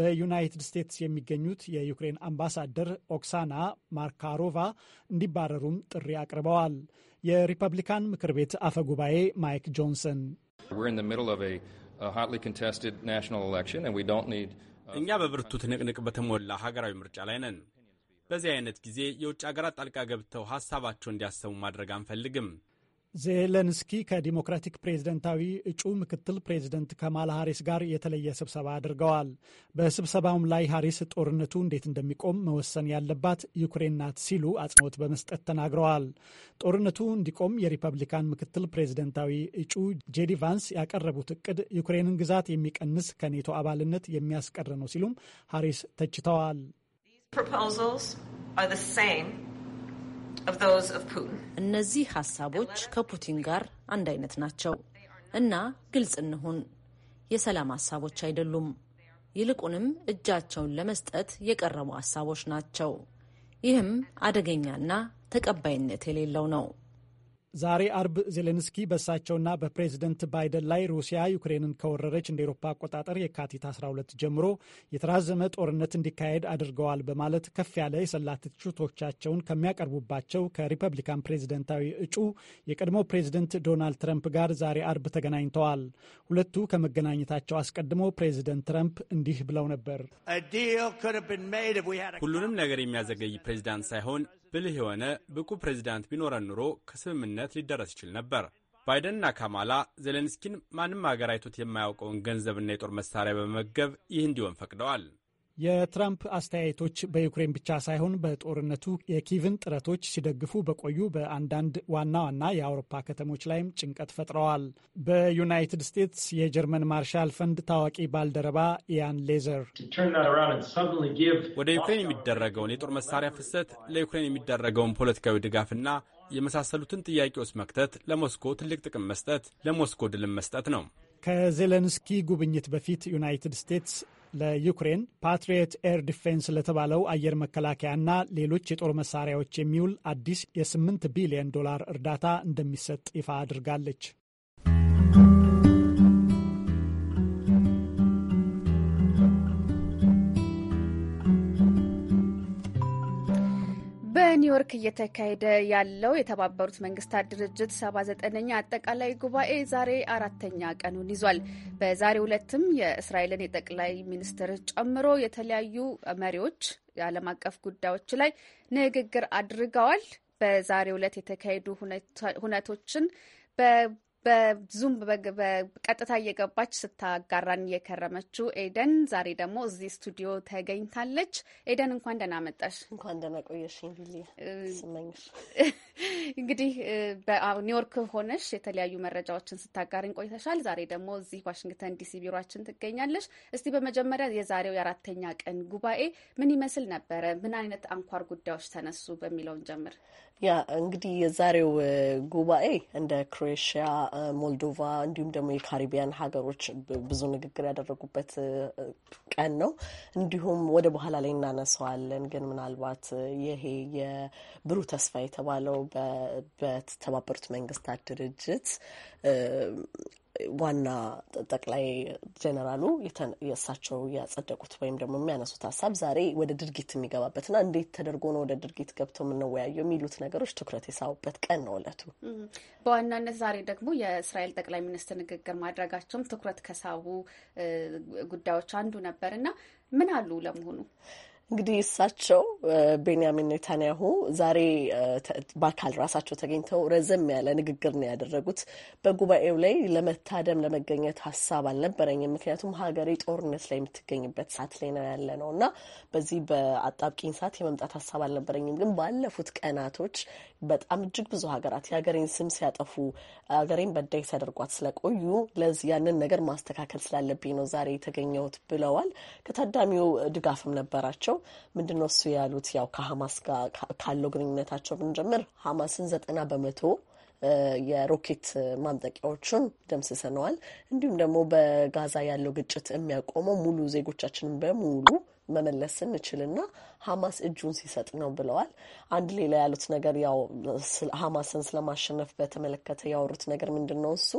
በዩናይትድ ስቴትስ የሚገኙት የዩክሬን አምባሳደር ኦክሳና ማርካሮቫ እንዲባረሩም ጥሪ አቅርበዋል። የሪፐብሊካን ምክር ቤት አፈ ጉባኤ ማይክ ጆንሰን uh, እኛ በብርቱ ትንቅንቅ በተሞላ ሀገራዊ ምርጫ ላይ ነን። በዚህ አይነት ጊዜ የውጭ ሀገራት ጣልቃ ገብተው ሀሳባቸው እንዲያሰሙ ማድረግ አንፈልግም። ዜሌንስኪ ከዲሞክራቲክ ፕሬዝደንታዊ እጩ ምክትል ፕሬዝደንት ከማላ ሃሪስ ጋር የተለየ ስብሰባ አድርገዋል። በስብሰባውም ላይ ሃሪስ ጦርነቱ እንዴት እንደሚቆም መወሰን ያለባት ዩክሬን ናት ሲሉ አጽንኦት በመስጠት ተናግረዋል። ጦርነቱ እንዲቆም የሪፐብሊካን ምክትል ፕሬዝደንታዊ እጩ ጄዲ ቫንስ ያቀረቡት እቅድ ዩክሬንን ግዛት የሚቀንስ ከኔቶ አባልነት የሚያስቀር ነው ሲሉም ሃሪስ ተችተዋል። እነዚህ ሀሳቦች ከፑቲን ጋር አንድ አይነት ናቸው እና ግልጽ እንሁን፣ የሰላም ሀሳቦች አይደሉም። ይልቁንም እጃቸውን ለመስጠት የቀረቡ ሀሳቦች ናቸው። ይህም አደገኛና ተቀባይነት የሌለው ነው። ዛሬ አርብ ዜሌንስኪ በእሳቸውና በፕሬዝደንት ባይደን ላይ ሩሲያ ዩክሬንን ከወረረች እንደ ኤሮፓ አቆጣጠር የካቲት 12 ጀምሮ የተራዘመ ጦርነት እንዲካሄድ አድርገዋል በማለት ከፍ ያለ የሰላ ትችቶቻቸውን ከሚያቀርቡባቸው ከሪፐብሊካን ፕሬዝደንታዊ እጩ የቀድሞ ፕሬዝደንት ዶናልድ ትረምፕ ጋር ዛሬ አርብ ተገናኝተዋል። ሁለቱ ከመገናኘታቸው አስቀድሞ ፕሬዝደንት ትረምፕ እንዲህ ብለው ነበር። ሁሉንም ነገር የሚያዘገይ ፕሬዚዳንት ሳይሆን ብልህ የሆነ ብቁ ፕሬዚዳንት ቢኖረን ኑሮ ከስምምነት ሊደረስ ይችል ነበር። ባይደንና ካማላ ዜሌንስኪን ማንም አገር አይቶት የማያውቀውን ገንዘብና የጦር መሳሪያ በመመገብ ይህ እንዲሆን ፈቅደዋል። የትራምፕ አስተያየቶች በዩክሬን ብቻ ሳይሆን በጦርነቱ የኪቭን ጥረቶች ሲደግፉ በቆዩ በአንዳንድ ዋና ዋና የአውሮፓ ከተሞች ላይም ጭንቀት ፈጥረዋል። በዩናይትድ ስቴትስ የጀርመን ማርሻል ፈንድ ታዋቂ ባልደረባ ኢያን ሌዘር ወደ ዩክሬን የሚደረገውን የጦር መሳሪያ ፍሰት፣ ለዩክሬን የሚደረገውን ፖለቲካዊ ድጋፍና የመሳሰሉትን ጥያቄዎች መክተት ለሞስኮ ትልቅ ጥቅም መስጠት፣ ለሞስኮ ድልም መስጠት ነው። ከዜሌንስኪ ጉብኝት በፊት ዩናይትድ ስቴትስ ለዩክሬን ፓትሪየት ኤር ዲፌንስ ለተባለው አየር መከላከያና ሌሎች የጦር መሳሪያዎች የሚውል አዲስ የ8 ቢሊዮን ዶላር እርዳታ እንደሚሰጥ ይፋ አድርጋለች። ኒውዮርክ እየተካሄደ ያለው የተባበሩት መንግስታት ድርጅት 79ኛ አጠቃላይ ጉባኤ ዛሬ አራተኛ ቀኑን ይዟል። በዛሬው ዕለትም የእስራኤልን የጠቅላይ ሚኒስትር ጨምሮ የተለያዩ መሪዎች የዓለም አቀፍ ጉዳዮች ላይ ንግግር አድርገዋል። በዛሬው ዕለት የተካሄዱ ሁነቶችን በዙም በቀጥታ እየገባች ስታጋራን እየከረመችው ኤደን ዛሬ ደግሞ እዚህ ስቱዲዮ ተገኝታለች። ኤደን እንኳን ደህና መጣሽ። እንኳን ደህና ቆየሽ። እንግዲህ ኒውዮርክ ሆነሽ የተለያዩ መረጃዎችን ስታጋሪን ቆይተሻል። ዛሬ ደግሞ እዚህ ዋሽንግተን ዲሲ ቢሮችን ትገኛለሽ። እስቲ በመጀመሪያ የዛሬው የአራተኛ ቀን ጉባኤ ምን ይመስል ነበረ? ምን አይነት አንኳር ጉዳዮች ተነሱ? በሚለውን ጀምር። ያ እንግዲህ የዛሬው ጉባኤ እንደ ክሮኤሽያ፣ ሞልዶቫ እንዲሁም ደግሞ የካሪቢያን ሀገሮች ብዙ ንግግር ያደረጉበት ቀን ነው። እንዲሁም ወደ በኋላ ላይ እናነሳዋለን። ግን ምናልባት ይሄ የብሩህ ተስፋ የተባለው በተባበሩት መንግስታት ድርጅት ዋና ጠቅላይ ጀነራሉ የእሳቸው ያጸደቁት ወይም ደግሞ የሚያነሱት ሀሳብ ዛሬ ወደ ድርጊት የሚገባበትና እንዴት ተደርጎ ነው ወደ ድርጊት ገብቶ የምንወያየው የሚሉት ነገሮች ትኩረት የሳቡበት ቀን ነው እለቱ። በዋናነት ዛሬ ደግሞ የእስራኤል ጠቅላይ ሚኒስትር ንግግር ማድረጋቸውም ትኩረት ከሳቡ ጉዳዮች አንዱ ነበር እና ምን አሉ ለመሆኑ? እንግዲህ እሳቸው ቤንያሚን ኔታንያሁ ዛሬ በአካል ራሳቸው ተገኝተው ረዘም ያለ ንግግር ነው ያደረጉት። በጉባኤው ላይ ለመታደም ለመገኘት ሀሳብ አልነበረኝም፣ ምክንያቱም ሀገሬ ጦርነት ላይ የምትገኝበት ሰዓት ላይ ነው ያለ ነው እና በዚህ በአጣብቂኝ ሰዓት የመምጣት ሀሳብ አልነበረኝም። ግን ባለፉት ቀናቶች በጣም እጅግ ብዙ ሀገራት የሀገሬን ስም ሲያጠፉ ሀገሬን በዳይ ሲያደርጓት ስለቆዩ ለዚህ ያንን ነገር ማስተካከል ስላለብኝ ነው ዛሬ የተገኘሁት ብለዋል። ከታዳሚው ድጋፍም ነበራቸው። ምንድነው እሱ ያሉት? ያው ከሀማስ ጋር ካለው ግንኙነታቸው ብንጀምር ሀማስን ዘጠና በመቶ የሮኬት ማምጠቂያዎቹን ደምስሰነዋል። እንዲሁም ደግሞ በጋዛ ያለው ግጭት የሚያቆመው ሙሉ ዜጎቻችንን በሙሉ መመለስ ስንችልና ሀማስ እጁን ሲሰጥ ነው ብለዋል። አንድ ሌላ ያሉት ነገር ያው ሀማስን ስለማሸነፍ በተመለከተ ያወሩት ነገር ምንድን ነው እሱ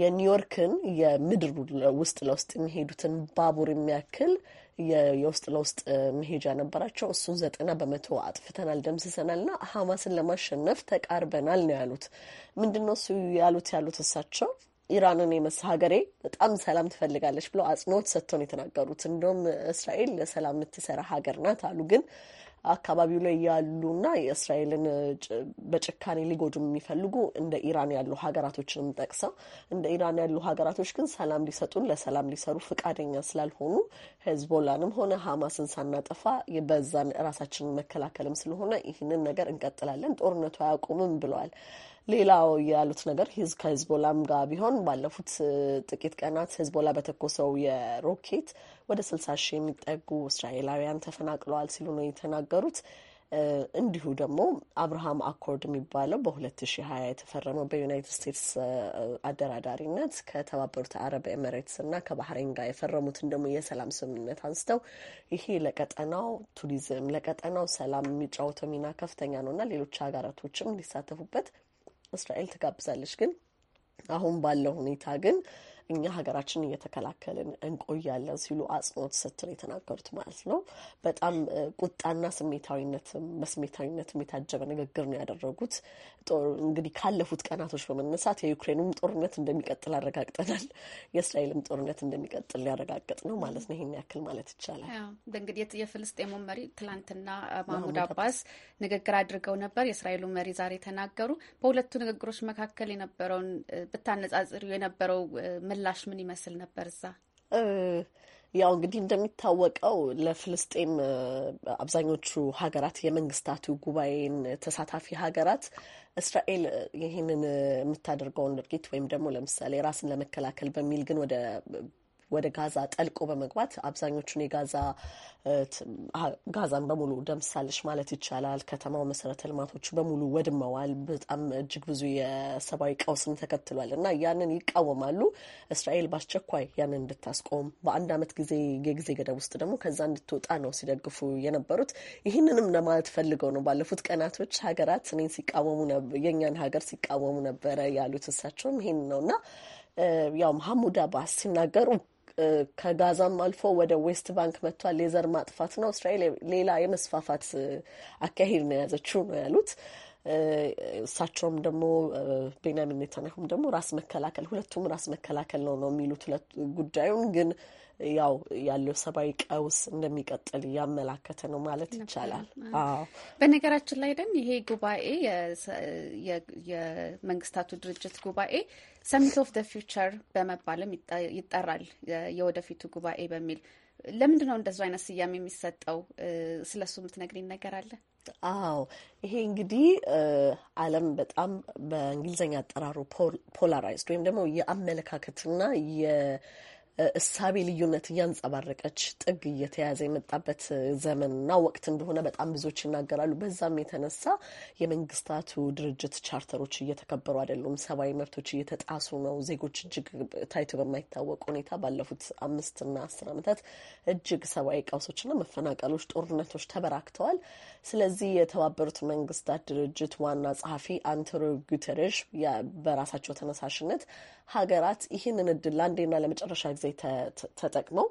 የኒውዮርክን የምድር ውስጥ ለውስጥ የሚሄዱትን ባቡር የሚያክል የውስጥ ለውስጥ መሄጃ ነበራቸው። እሱን ዘጠና በመቶ አጥፍተናል፣ ደምስሰናል ና ሀማስን ለማሸነፍ ተቃርበናል ነው ያሉት። ምንድን ነው እሱ ያሉት ያሉት እሳቸው ኢራንን የመሳ ሀገሬ በጣም ሰላም ትፈልጋለች ብለው አጽንኦት ሰጥተው ነው የተናገሩት። እንደውም እስራኤል ለሰላም የምትሰራ ሀገር ናት አሉ። ግን አካባቢው ላይ ያሉና የእስራኤልን በጭካኔ ሊጎዱ የሚፈልጉ እንደ ኢራን ያሉ ሀገራቶችንም ጠቅሰው እንደ ኢራን ያሉ ሀገራቶች ግን ሰላም ሊሰጡን ለሰላም ሊሰሩ ፈቃደኛ ስላልሆኑ ሄዝቦላንም ሆነ ሀማስን ሳናጠፋ በዛን ራሳችንን መከላከልም ስለሆነ ይህንን ነገር እንቀጥላለን፣ ጦርነቱ አያቆምም ብለዋል። ሌላው ያሉት ነገር ከህዝቦላም ጋር ቢሆን ባለፉት ጥቂት ቀናት ሂዝቦላ በተኮሰው የሮኬት ወደ ስልሳ ሺህ የሚጠጉ እስራኤላውያን ተፈናቅለዋል ሲሉ ነው የተናገሩት። እንዲሁ ደግሞ አብርሃም አኮርድ የሚባለው በ2020 የተፈረመው በዩናይትድ ስቴትስ አደራዳሪነት ከተባበሩት አረብ ኤምሬትስ እና ከባህሬን ጋር የፈረሙትን ደግሞ የሰላም ስምምነት አንስተው ይሄ ለቀጠናው ቱሪዝም ለቀጠናው ሰላም የሚጫወተው ሚና ከፍተኛ ነው እና ሌሎች ሀገራቶችም ሊሳተፉበት ። እስራኤል ትጋብዛለች ግን አሁን ባለው ሁኔታ ግን እኛ ሀገራችን እየተከላከልን እንቆያለን ሲሉ አጽንኦት ስትል የተናገሩት ማለት ነው። በጣም ቁጣና ስሜታዊነትም በስሜታዊነትም የታጀበ ንግግር ነው ያደረጉት። እንግዲህ ካለፉት ቀናቶች በመነሳት የዩክሬኑም ጦርነት እንደሚቀጥል አረጋግጠናል። የእስራኤልም ጦርነት እንደሚቀጥል ሊያረጋግጥ ነው ማለት ነው። ይህን ያክል ማለት ይቻላል። እንግዲህ የፍልስጤሙ መሪ ትላንትና ማህሙድ አባስ ንግግር አድርገው ነበር። የእስራኤሉ መሪ ዛሬ ተናገሩ። በሁለቱ ንግግሮች መካከል የነበረውን ብታነጻጽሪ የነበረው ምላሽ ምን ይመስል ነበር እዛ? ያው እንግዲህ እንደሚታወቀው ለፍልስጤም አብዛኞቹ ሀገራት የመንግስታቱ ጉባኤን ተሳታፊ ሀገራት እስራኤል ይህንን የምታደርገውን ድርጊት ወይም ደግሞ ለምሳሌ ራስን ለመከላከል በሚል ግን ወደ ወደ ጋዛ ጠልቆ በመግባት አብዛኞቹን የጋዛ ጋዛን በሙሉ ደምሳለች ማለት ይቻላል። ከተማው መሰረተ ልማቶች በሙሉ ወድመዋል። በጣም እጅግ ብዙ የሰብአዊ ቀውስም ተከትሏል እና ያንን ይቃወማሉ። እስራኤል በአስቸኳይ ያንን እንድታስቆም በአንድ አመት ጊዜ የጊዜ ገደብ ውስጥ ደግሞ ከዛ እንድትወጣ ነው ሲደግፉ የነበሩት። ይህንንም ለማለት ፈልገው ነው። ባለፉት ቀናቶች ሀገራት እኔን ሲቃወሙ የእኛን ሀገር ሲቃወሙ ነበረ ያሉት እሳቸውም ይህን ነው እና ያው መሐሙድ አባስ ሲናገሩ ከጋዛም አልፎ ወደ ዌስት ባንክ መጥቷል። ሌዘር ማጥፋት ነው። እስራኤል ሌላ የመስፋፋት አካሄድ ነው የያዘችው ነው ያሉት። እሳቸውም ደግሞ ቤንያሚን ኔታንያሁም ደግሞ ራስ መከላከል ሁለቱም ራስ መከላከል ነው ነው የሚሉት ጉዳዩን ግን ያው ያለው ሰብአዊ ቀውስ እንደሚቀጥል እያመላከተ ነው ማለት ይቻላል። በነገራችን ላይ ደም ይሄ ጉባኤ የመንግስታቱ ድርጅት ጉባኤ ሰሚት ኦፍ ደ ፊውቸር በመባልም ይጠራል የወደፊቱ ጉባኤ በሚል ለምንድን ነው እንደዚ አይነት ስያሜ የሚሰጠው? ስለ እሱ የምትነግሪኝ ነገር አለ? አዎ ይሄ እንግዲህ ዓለም በጣም በእንግሊዝኛ አጠራሩ ፖላራይዝድ ወይም ደግሞ የአመለካከትና እሳቤ ልዩነት እያንጸባረቀች ጥግ እየተያዘ የመጣበት ዘመንና ወቅት እንደሆነ በጣም ብዙዎች ይናገራሉ። በዛም የተነሳ የመንግስታቱ ድርጅት ቻርተሮች እየተከበሩ አይደሉም፣ ሰብአዊ መብቶች እየተጣሱ ነው። ዜጎች እጅግ ታይቶ በማይታወቅ ሁኔታ ባለፉት አምስትና አስር ዓመታት እጅግ ሰብአዊ ቀውሶችና መፈናቀሎች፣ ጦርነቶች ተበራክተዋል። ስለዚህ የተባበሩት መንግስታት ድርጅት ዋና ጸሐፊ አንቶኒዮ ጉተሬሽ በራሳቸው ተነሳሽነት ሀገራት ይህንን እድል ለአንዴና ለመጨረሻ ጊዜ ጊዜ ተጠቅመው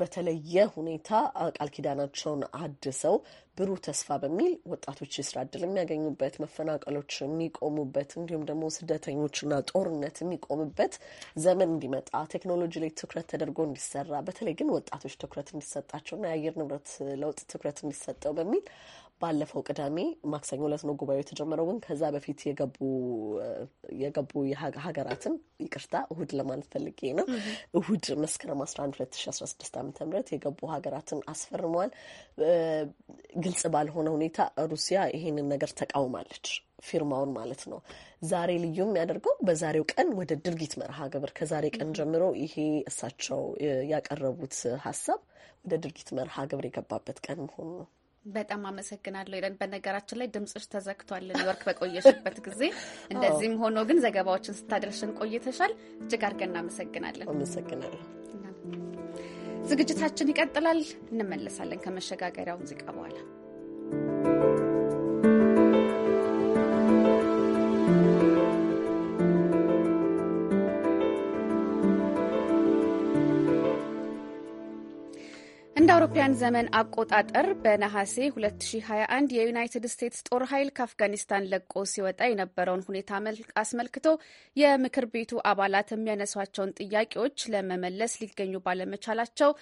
በተለየ ሁኔታ ቃል ኪዳናቸውን አድሰው ብሩህ ተስፋ በሚል ወጣቶች የስራ እድል የሚያገኙበት መፈናቀሎች የሚቆሙበት እንዲሁም ደግሞ ስደተኞችና ጦርነት የሚቆምበት ዘመን እንዲመጣ ቴክኖሎጂ ላይ ትኩረት ተደርጎ እንዲሰራ በተለይ ግን ወጣቶች ትኩረት እንዲሰጣቸውና የአየር ንብረት ለውጥ ትኩረት እንዲሰጠው በሚል ባለፈው ቅዳሜ ማክሰኞ ዕለት ነው ጉባኤው የተጀመረው። ግን ከዛ በፊት የገቡ ሀገራትን ይቅርታ፣ እሁድ ለማለት ፈልጌ ነው። እሁድ መስከረም 11 2016 ዓ ም የገቡ ሀገራትን አስፈርመዋል። ግልጽ ባልሆነ ሁኔታ ሩሲያ ይሄንን ነገር ተቃውማለች። ፊርማውን ማለት ነው። ዛሬ ልዩ የሚያደርገው በዛሬው ቀን ወደ ድርጊት መርሃ ግብር ከዛሬ ቀን ጀምሮ ይሄ እሳቸው ያቀረቡት ሀሳብ ወደ ድርጊት መርሃ ግብር የገባበት ቀን መሆኑ ነው። በጣም አመሰግናለሁ ኤደን። በነገራችን ላይ ድምጽሽ ተዘግቷል ኒውዮርክ በቆየሽበት ጊዜ። እንደዚህም ሆኖ ግን ዘገባዎችን ስታደርሽን ቆይተሻል። እጅግ አድርገን እናመሰግናለን። አመሰግናለሁ። ዝግጅታችን ይቀጥላል። እንመለሳለን ከመሸጋገሪያው ሙዚቃ በኋላ አውሮፓውያን ዘመን አቆጣጠር በነሐሴ 2021 የዩናይትድ ስቴትስ ጦር ኃይል ከአፍጋኒስታን ለቆ ሲወጣ የነበረውን ሁኔታ አስመልክቶ የምክር ቤቱ አባላት የሚያነሷቸውን ጥያቄዎች ለመመለስ ሊገኙ ባለመቻላቸው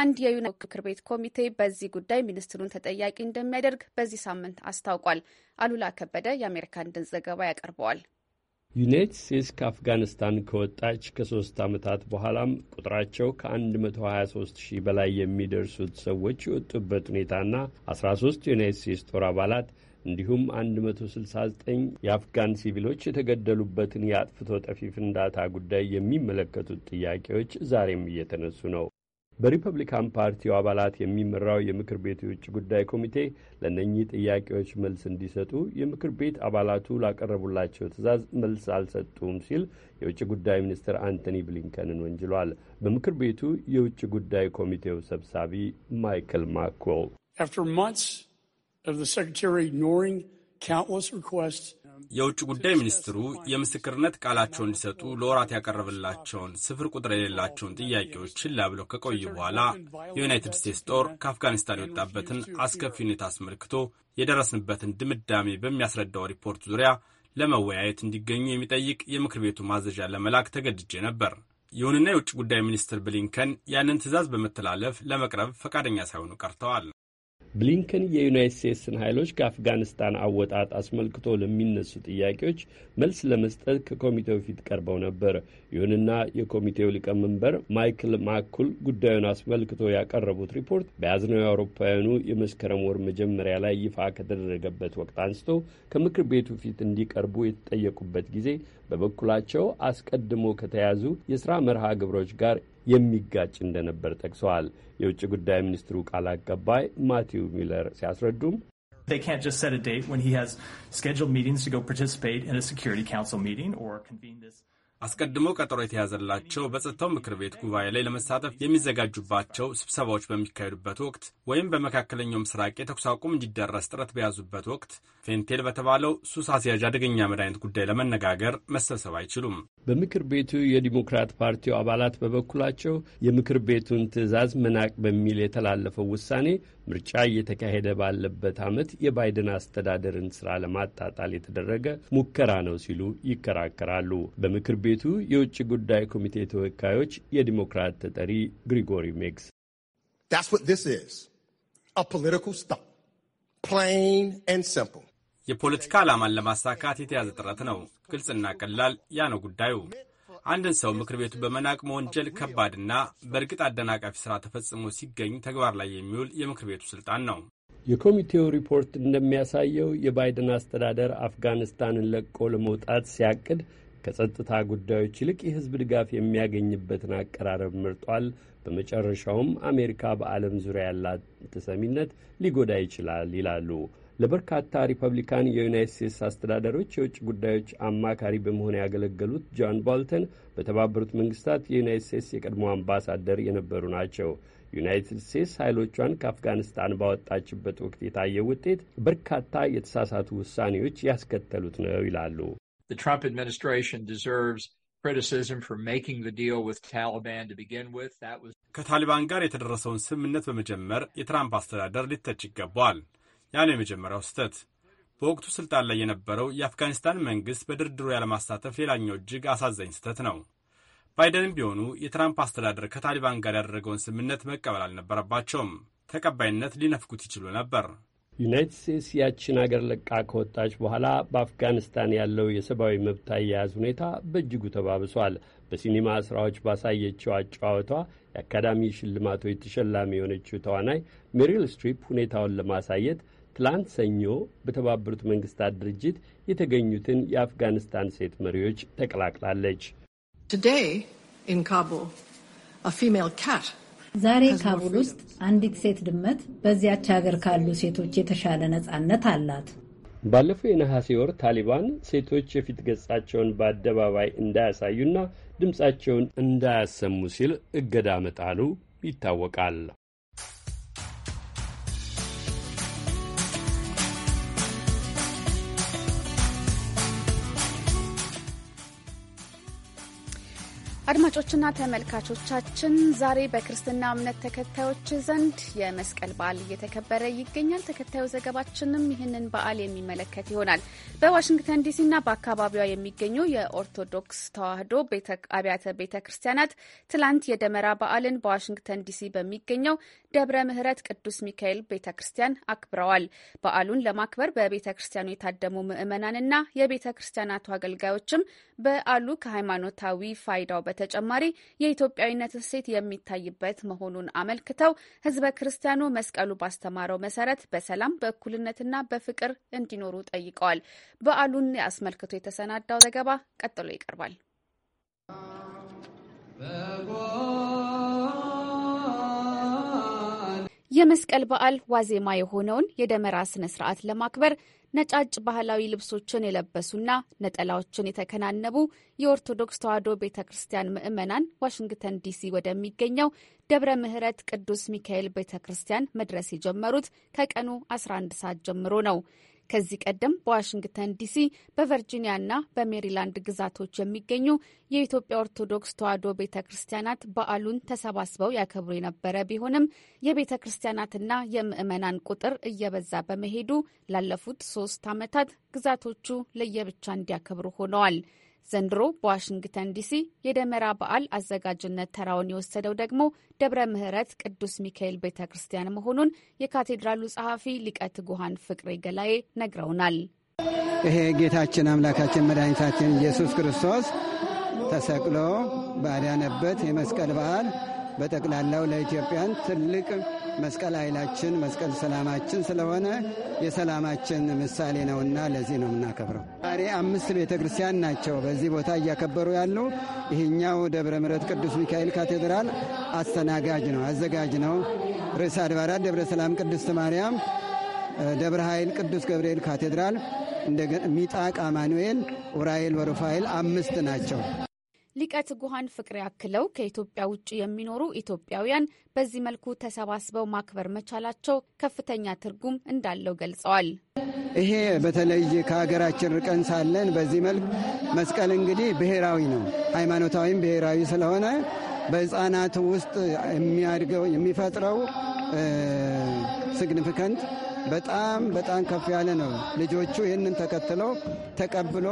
አንድ የዩናይትድ ምክር ቤት ኮሚቴ በዚህ ጉዳይ ሚኒስትሩን ተጠያቂ እንደሚያደርግ በዚህ ሳምንት አስታውቋል። አሉላ ከበደ የአሜሪካን ድምፅ ዘገባ ያቀርበዋል። ዩናይትድ ስቴትስ ከአፍጋኒስታን ከወጣች ከሶስት ዓመታት በኋላም ቁጥራቸው ከ123 ሺህ በላይ የሚደርሱት ሰዎች የወጡበት ሁኔታና 13 ዩናይትድ ስቴትስ ጦር አባላት እንዲሁም 169 የአፍጋን ሲቪሎች የተገደሉበትን የአጥፍቶ ጠፊ ፍንዳታ ጉዳይ የሚመለከቱት ጥያቄዎች ዛሬም እየተነሱ ነው። በሪፐብሊካን ፓርቲው አባላት የሚመራው የምክር ቤት የውጭ ጉዳይ ኮሚቴ ለእነኚህ ጥያቄዎች መልስ እንዲሰጡ የምክር ቤት አባላቱ ላቀረቡላቸው ትዕዛዝ መልስ አልሰጡም ሲል የውጭ ጉዳይ ሚኒስትር አንቶኒ ብሊንከንን ወንጅሏል። በምክር ቤቱ የውጭ ጉዳይ ኮሚቴው ሰብሳቢ ማይክል ማኮል የውጭ ጉዳይ ሚኒስትሩ የምስክርነት ቃላቸው እንዲሰጡ ለወራት ያቀረብላቸውን ስፍር ቁጥር የሌላቸውን ጥያቄዎች ችላ ብለው ከቆዩ በኋላ የዩናይትድ ስቴትስ ጦር ከአፍጋኒስታን የወጣበትን አስከፊ ሁኔታ አስመልክቶ የደረስንበትን ድምዳሜ በሚያስረዳው ሪፖርት ዙሪያ ለመወያየት እንዲገኙ የሚጠይቅ የምክር ቤቱ ማዘዣ ለመላክ ተገድጄ ነበር። ይሁንና የውጭ ጉዳይ ሚኒስትር ብሊንከን ያንን ትዕዛዝ በመተላለፍ ለመቅረብ ፈቃደኛ ሳይሆኑ ቀርተዋል። ብሊንከን የዩናይት ስቴትስን ኃይሎች ከአፍጋኒስታን አወጣጥ አስመልክቶ ለሚነሱ ጥያቄዎች መልስ ለመስጠት ከኮሚቴው ፊት ቀርበው ነበር። ይሁንና የኮሚቴው ሊቀመንበር ማይክል ማኩል ጉዳዩን አስመልክቶ ያቀረቡት ሪፖርት በያዝነው የአውሮፓውያኑ የመስከረም ወር መጀመሪያ ላይ ይፋ ከተደረገበት ወቅት አንስቶ ከምክር ቤቱ ፊት እንዲቀርቡ የተጠየቁበት ጊዜ በበኩላቸው አስቀድሞ ከተያዙ የሥራ መርሃ ግብሮች ጋር They can't just set a date when he has scheduled meetings to go participate in a Security Council meeting or convene this. አስቀድሞ ቀጠሮ የተያዘላቸው በጸጥታው ምክር ቤት ጉባኤ ላይ ለመሳተፍ የሚዘጋጁባቸው ስብሰባዎች በሚካሄዱበት ወቅት ወይም በመካከለኛው ምስራቅ የተኩስ አቁም እንዲደረስ ጥረት በያዙበት ወቅት ፌንቴል በተባለው ሱስ አስያዥ አደገኛ መድኃኒት ጉዳይ ለመነጋገር መሰብሰብ አይችሉም። በምክር ቤቱ የዲሞክራት ፓርቲው አባላት በበኩላቸው የምክር ቤቱን ትዕዛዝ መናቅ በሚል የተላለፈው ውሳኔ ምርጫ እየተካሄደ ባለበት ዓመት የባይደን አስተዳደርን ስራ ለማጣጣል የተደረገ ሙከራ ነው ሲሉ ይከራከራሉ። በምክር ቤቱ የውጭ ጉዳይ ኮሚቴ ተወካዮች የዲሞክራት ተጠሪ ግሪጎሪ ሜግስ የፖለቲካ ዓላማን ለማሳካት የተያዘ ጥረት ነው። ግልጽና ቀላል ያ ነው ጉዳዩ። አንድን ሰው ምክር ቤቱ በመናቅ መወንጀል ከባድና በእርግጥ አደናቃፊ ስራ ተፈጽሞ ሲገኝ ተግባር ላይ የሚውል የምክር ቤቱ ስልጣን ነው። የኮሚቴው ሪፖርት እንደሚያሳየው የባይደን አስተዳደር አፍጋኒስታንን ለቆ ለመውጣት ሲያቅድ ከጸጥታ ጉዳዮች ይልቅ የህዝብ ድጋፍ የሚያገኝበትን አቀራረብ መርጧል። በመጨረሻውም አሜሪካ በዓለም ዙሪያ ያላት ተሰሚነት ሊጎዳ ይችላል ይላሉ ለበርካታ ሪፐብሊካን የዩናይት ስቴትስ አስተዳደሮች የውጭ ጉዳዮች አማካሪ በመሆን ያገለገሉት ጆን ቦልተን በተባበሩት መንግስታት የዩናይት ስቴትስ የቀድሞ አምባሳደር የነበሩ ናቸው። ዩናይትድ ስቴትስ ኃይሎቿን ከአፍጋኒስታን ባወጣችበት ወቅት የታየው ውጤት በርካታ የተሳሳቱ ውሳኔዎች ያስከተሉት ነው ይላሉ። ከታሊባን ጋር የተደረሰውን ስምምነት በመጀመር የትራምፕ አስተዳደር ሊተች ይገባዋል። ያ የመጀመሪያው ስህተት። በወቅቱ ስልጣን ላይ የነበረው የአፍጋኒስታን መንግሥት በድርድሩ ያለማሳተፍ ሌላኛው እጅግ አሳዛኝ ስህተት ነው። ባይደንም ቢሆኑ የትራምፕ አስተዳደር ከታሊባን ጋር ያደረገውን ስምምነት መቀበል አልነበረባቸውም። ተቀባይነት ሊነፍጉት ይችሉ ነበር። ዩናይትድ ስቴትስ ያችን አገር ለቃ ከወጣች በኋላ በአፍጋኒስታን ያለው የሰብአዊ መብት አያያዝ ሁኔታ በእጅጉ ተባብሷል። በሲኒማ ስራዎች ባሳየችው አጨዋወቷ የአካዳሚ ሽልማቶች ተሸላሚ የሆነችው ተዋናይ ሜሪል ስትሪፕ ሁኔታውን ለማሳየት ትላንት ሰኞ በተባበሩት መንግስታት ድርጅት የተገኙትን የአፍጋኒስታን ሴት መሪዎች ተቀላቅላለች። ዛሬ ካቡል ውስጥ አንዲት ሴት ድመት በዚያች ሀገር ካሉ ሴቶች የተሻለ ነጻነት አላት። ባለፈው የነሐሴ ወር ታሊባን ሴቶች የፊት ገጻቸውን በአደባባይ እንዳያሳዩና ድምፃቸውን እንዳያሰሙ ሲል እገዳ መጣሉ ይታወቃል። አድማጮችና ተመልካቾቻችን ዛሬ በክርስትና እምነት ተከታዮች ዘንድ የመስቀል በዓል እየተከበረ ይገኛል። ተከታዩ ዘገባችንም ይህንን በዓል የሚመለከት ይሆናል። በዋሽንግተን ዲሲና በአካባቢዋ የሚገኙ የኦርቶዶክስ ተዋሕዶ አብያተ ቤተ ክርስቲያናት ትላንት የደመራ በዓልን በዋሽንግተን ዲሲ በሚገኘው ደብረ ምሕረት ቅዱስ ሚካኤል ቤተ ክርስቲያን አክብረዋል። በዓሉን ለማክበር በቤተ ክርስቲያኑ የታደሙ ምዕመናንና የቤተ ክርስቲያናቱ አገልጋዮችም በዓሉ ከሃይማኖታዊ ፋይዳው በተጨማሪ የኢትዮጵያዊነት እሴት የሚታይበት መሆኑን አመልክተው ህዝበ ክርስቲያኑ መስቀሉ ባስተማረው መሰረት በሰላም በእኩልነትና በፍቅር እንዲኖሩ ጠይቀዋል። በዓሉን አስመልክቶ የተሰናዳው ዘገባ ቀጥሎ ይቀርባል። የመስቀል በዓል ዋዜማ የሆነውን የደመራ ስነ ስርዓት ለማክበር ነጫጭ ባህላዊ ልብሶችን የለበሱና ነጠላዎችን የተከናነቡ የኦርቶዶክስ ተዋሕዶ ቤተ ክርስቲያን ምዕመናን ዋሽንግተን ዲሲ ወደሚገኘው ደብረ ምሕረት ቅዱስ ሚካኤል ቤተ ክርስቲያን መድረስ የጀመሩት ከቀኑ 11 ሰዓት ጀምሮ ነው። ከዚህ ቀደም በዋሽንግተን ዲሲ በቨርጂኒያና በሜሪላንድ ግዛቶች የሚገኙ የኢትዮጵያ ኦርቶዶክስ ተዋሕዶ ቤተ ክርስቲያናት በዓሉን ተሰባስበው ያከብሩ የነበረ ቢሆንም የቤተ ክርስቲያናትና የምዕመናን ቁጥር እየበዛ በመሄዱ ላለፉት ሶስት ዓመታት ግዛቶቹ ለየብቻ እንዲያከብሩ ሆነዋል። ዘንድሮ በዋሽንግተን ዲሲ የደመራ በዓል አዘጋጅነት ተራውን የወሰደው ደግሞ ደብረ ምሕረት ቅዱስ ሚካኤል ቤተ ክርስቲያን መሆኑን የካቴድራሉ ጸሐፊ ሊቀ ትጉሃን ፍቅሬ ገላዬ ነግረውናል። ይሄ ጌታችን አምላካችን መድኃኒታችን ኢየሱስ ክርስቶስ ተሰቅሎ ባዳነበት የመስቀል በዓል በጠቅላላው ለኢትዮጵያን ትልቅ መስቀል ኃይላችን፣ መስቀል ሰላማችን ስለሆነ የሰላማችን ምሳሌ ነውና ለዚህ ነው የምናከብረው። ዛሬ አምስት ቤተ ክርስቲያን ናቸው በዚህ ቦታ እያከበሩ ያሉ። ይህኛው ደብረ ምረት ቅዱስ ሚካኤል ካቴድራል አስተናጋጅ ነው አዘጋጅ ነው። ርዕሰ አድባራት ደብረ ሰላም ቅድስት ማርያም፣ ደብረ ኃይል ቅዱስ ገብርኤል ካቴድራል፣ ሚጣቅ አማኑኤል፣ ኡራኤል ወሩፋኤል አምስት ናቸው። ሊቀ ትጉሃን ፍቅሬ አክለው ከኢትዮጵያ ውጭ የሚኖሩ ኢትዮጵያውያን በዚህ መልኩ ተሰባስበው ማክበር መቻላቸው ከፍተኛ ትርጉም እንዳለው ገልጸዋል። ይሄ በተለይ ከሀገራችን ርቀን ሳለን በዚህ መልክ መስቀል እንግዲህ ብሔራዊ ነው፣ ሃይማኖታዊም ብሔራዊ ስለሆነ በሕፃናት ውስጥ የሚያድገው የሚፈጥረው ሲግኒፊካንት በጣም በጣም ከፍ ያለ ነው። ልጆቹ ይህንን ተከትለው ተቀብሎ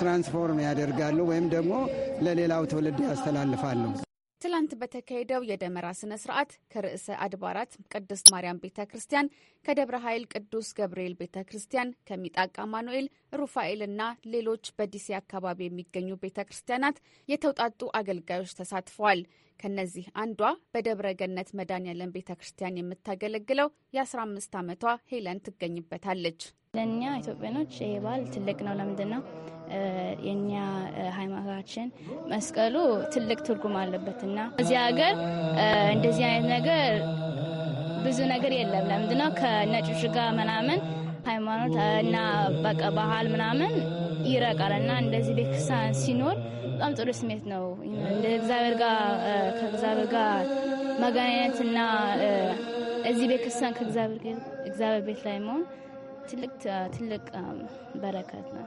ትራንስፎርም ያደርጋሉ ወይም ደግሞ ለሌላው ትውልድ ያስተላልፋሉ። ትላንት በተካሄደው የደመራ ስነ ስርዓት ከርዕሰ አድባራት ቅድስት ማርያም ቤተ ክርስቲያን፣ ከደብረ ኃይል ቅዱስ ገብርኤል ቤተ ክርስቲያን፣ ከሚጣቃ ማኑኤል፣ ሩፋኤል እና ሌሎች በዲሲ አካባቢ የሚገኙ ቤተ ክርስቲያናት የተውጣጡ አገልጋዮች ተሳትፈዋል። ከነዚህ አንዷ በደብረ ገነት መድኃኔዓለም ቤተ ክርስቲያን የምታገለግለው የ15 ዓመቷ ሄለን ትገኝበታለች። ለእኛ ኢትዮጵያኖች ይህ በዓል ትልቅ ነው። ለምንድን ነው የኛ ሃይማኖታችን መስቀሉ ትልቅ ትርጉም አለበት እና እዚህ ሀገር እንደዚህ አይነት ነገር ብዙ ነገር የለም። ለምንድነው ከነጮች ጋር ምናምን ሃይማኖት እና በቃ ባህል ምናምን ይረቃል እና እንደዚህ ቤተክርስቲያን ሲኖር በጣም ጥሩ ስሜት ነው። እንደ እግዚአብሔር ጋር ከእግዚአብሔር ጋር መገናኘት እና እዚህ ቤተክርስቲያን ከእግዚአብሔር ቤት ላይ መሆን ትልቅ ትልቅ በረከት ነው።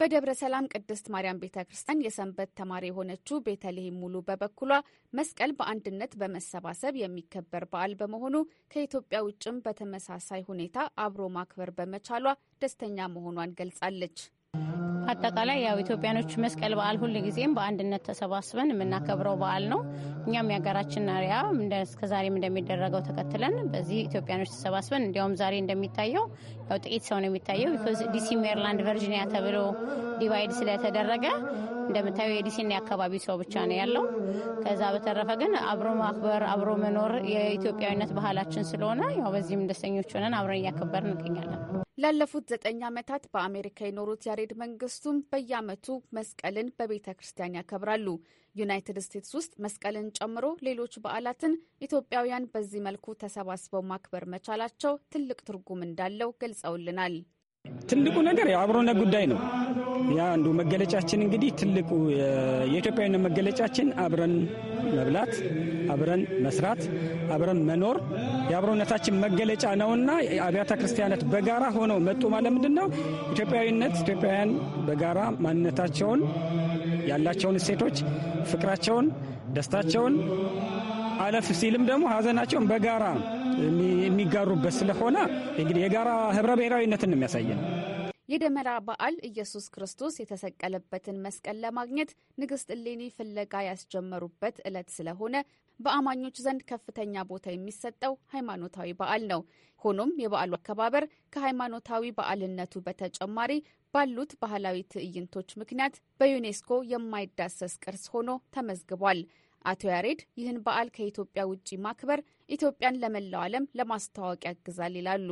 በደብረ ሰላም ቅድስት ማርያም ቤተ ክርስቲያን የሰንበት ተማሪ የሆነችው ቤተልሔም ሙሉ በበኩሏ መስቀል በአንድነት በመሰባሰብ የሚከበር በዓል በመሆኑ ከኢትዮጵያ ውጭም በተመሳሳይ ሁኔታ አብሮ ማክበር በመቻሏ ደስተኛ መሆኗን ገልጻለች። አጠቃላይ ያው ኢትዮጵያኖች መስቀል በዓል ሁል ጊዜም በአንድነት ተሰባስበን የምናከብረው በዓል ነው። እኛም የሀገራችን ናሪያ እስከዛሬም እንደሚደረገው ተከትለን በዚህ ኢትዮጵያኖች ተሰባስበን እንዲያውም ዛሬ እንደሚታየው ያው ጥቂት ሰው ነው የሚታየው። ቢኮዝ ዲሲ፣ ሜሪላንድ፣ ቨርጂኒያ ተብሎ ዲቫይድ ስለተደረገ እንደምታየው የዲሲና የአካባቢ ሰው ብቻ ነው ያለው። ከዛ በተረፈ ግን አብሮ ማክበር አብሮ መኖር የኢትዮጵያዊነት ባህላችን ስለሆነ ያው በዚህም ደስተኞች ሆነን አብረን እያከበር እንገኛለን። ላለፉት ዘጠኝ ዓመታት በአሜሪካ የኖሩት ያሬድ መንግስቱም በየዓመቱ መስቀልን በቤተ ክርስቲያን ያከብራሉ። ዩናይትድ ስቴትስ ውስጥ መስቀልን ጨምሮ ሌሎች በዓላትን ኢትዮጵያውያን በዚህ መልኩ ተሰባስበው ማክበር መቻላቸው ትልቅ ትርጉም እንዳለው ገልጸውልናል። ትልቁ ነገር የአብሮነት ጉዳይ ነው። ያ አንዱ መገለጫችን እንግዲህ ትልቁ የኢትዮጵያዊነት መገለጫችን አብረን መብላት፣ አብረን መስራት፣ አብረን መኖር የአብሮነታችን መገለጫ ነውና አብያተ ክርስቲያናት በጋራ ሆነው መጡ ማለት ምንድን ነው? ኢትዮጵያዊነት ኢትዮጵያውያን በጋራ ማንነታቸውን ያላቸውን እሴቶች፣ ፍቅራቸውን፣ ደስታቸውን አለፍ ሲልም ደግሞ ሀዘናቸውን በጋራ የሚጋሩበት ስለሆነ እንግዲህ የጋራ ህብረ ብሔራዊነትን ነው። የደመራ በዓል ኢየሱስ ክርስቶስ የተሰቀለበትን መስቀል ለማግኘት ንግሥት እሌኒ ፍለጋ ያስጀመሩበት ዕለት ስለሆነ በአማኞች ዘንድ ከፍተኛ ቦታ የሚሰጠው ሃይማኖታዊ በዓል ነው። ሆኖም የበዓሉ አከባበር ከሃይማኖታዊ በዓልነቱ በተጨማሪ ባሉት ባህላዊ ትዕይንቶች ምክንያት በዩኔስኮ የማይዳሰስ ቅርስ ሆኖ ተመዝግቧል። አቶ ያሬድ ይህን በዓል ከኢትዮጵያ ውጪ ማክበር ኢትዮጵያን ለመላው ዓለም ለማስተዋወቅ ያግዛል ይላሉ።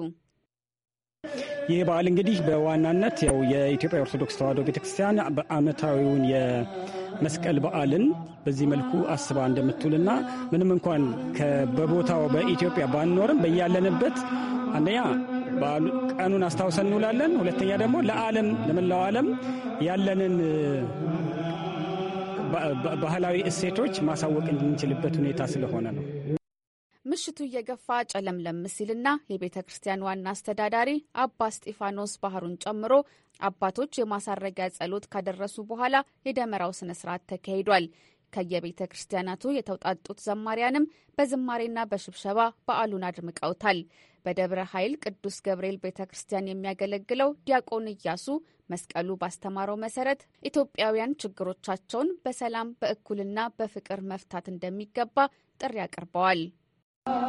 ይህ በዓል እንግዲህ በዋናነት ያው የኢትዮጵያ ኦርቶዶክስ ተዋሕዶ ቤተክርስቲያን በዓመታዊውን የመስቀል በዓልን በዚህ መልኩ አስባ እንደምትውልና ምንም እንኳን በቦታው በኢትዮጵያ ባንኖርም በያለንበት አንደኛ ቀኑን አስታውሰን እንውላለን። ሁለተኛ ደግሞ ለዓለም ለመላው ዓለም ያለንን ባህላዊ እሴቶች ማሳወቅ እንድንችልበት ሁኔታ ስለሆነ ነው። ምሽቱ እየገፋ ጨለምለም ሲልና የቤተ ክርስቲያን ዋና አስተዳዳሪ አባ እስጢፋኖስ ባህሩን ጨምሮ አባቶች የማሳረጊያ ጸሎት ካደረሱ በኋላ የደመራው ስነ ስርዓት ተካሂዷል። ከየቤተ ክርስቲያናቱ የተውጣጡት ዘማሪያንም በዝማሬና በሽብሸባ በዓሉን አድምቀውታል። በደብረ ኃይል ቅዱስ ገብርኤል ቤተ ክርስቲያን የሚያገለግለው ዲያቆን እያሱ መስቀሉ ባስተማረው መሰረት ኢትዮጵያውያን ችግሮቻቸውን በሰላም በእኩልና በፍቅር መፍታት እንደሚገባ ጥሪ አቅርበዋል።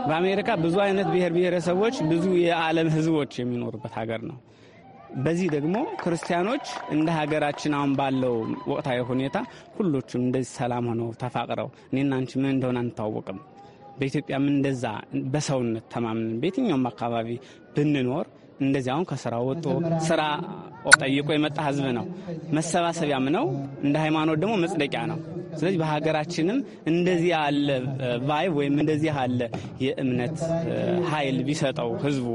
በአሜሪካ ብዙ አይነት ብሔር ብሔረሰቦች፣ ብዙ የዓለም ሕዝቦች የሚኖሩበት ሀገር ነው። በዚህ ደግሞ ክርስቲያኖች እንደ ሀገራችን አሁን ባለው ወቅታዊ ሁኔታ ሁሎቹም እንደዚህ ሰላም ሆነው ተፋቅረው እኔና አንቺ ምን እንደሆነ አንታወቅም። በኢትዮጵያም እንደዛ በሰውነት ተማምነን በየትኛውም አካባቢ ብንኖር እንደዚህ አሁን ከስራ ወጦ ስራ ጠይቆ የመጣ ህዝብ ነው። መሰባሰቢያም ነው። እንደ ሃይማኖት ደግሞ መጽደቂያ ነው። ስለዚህ በሀገራችንም እንደዚህ ያለ ባይ ወይም እንደዚህ ያለ የእምነት ኃይል ቢሰጠው ህዝቡ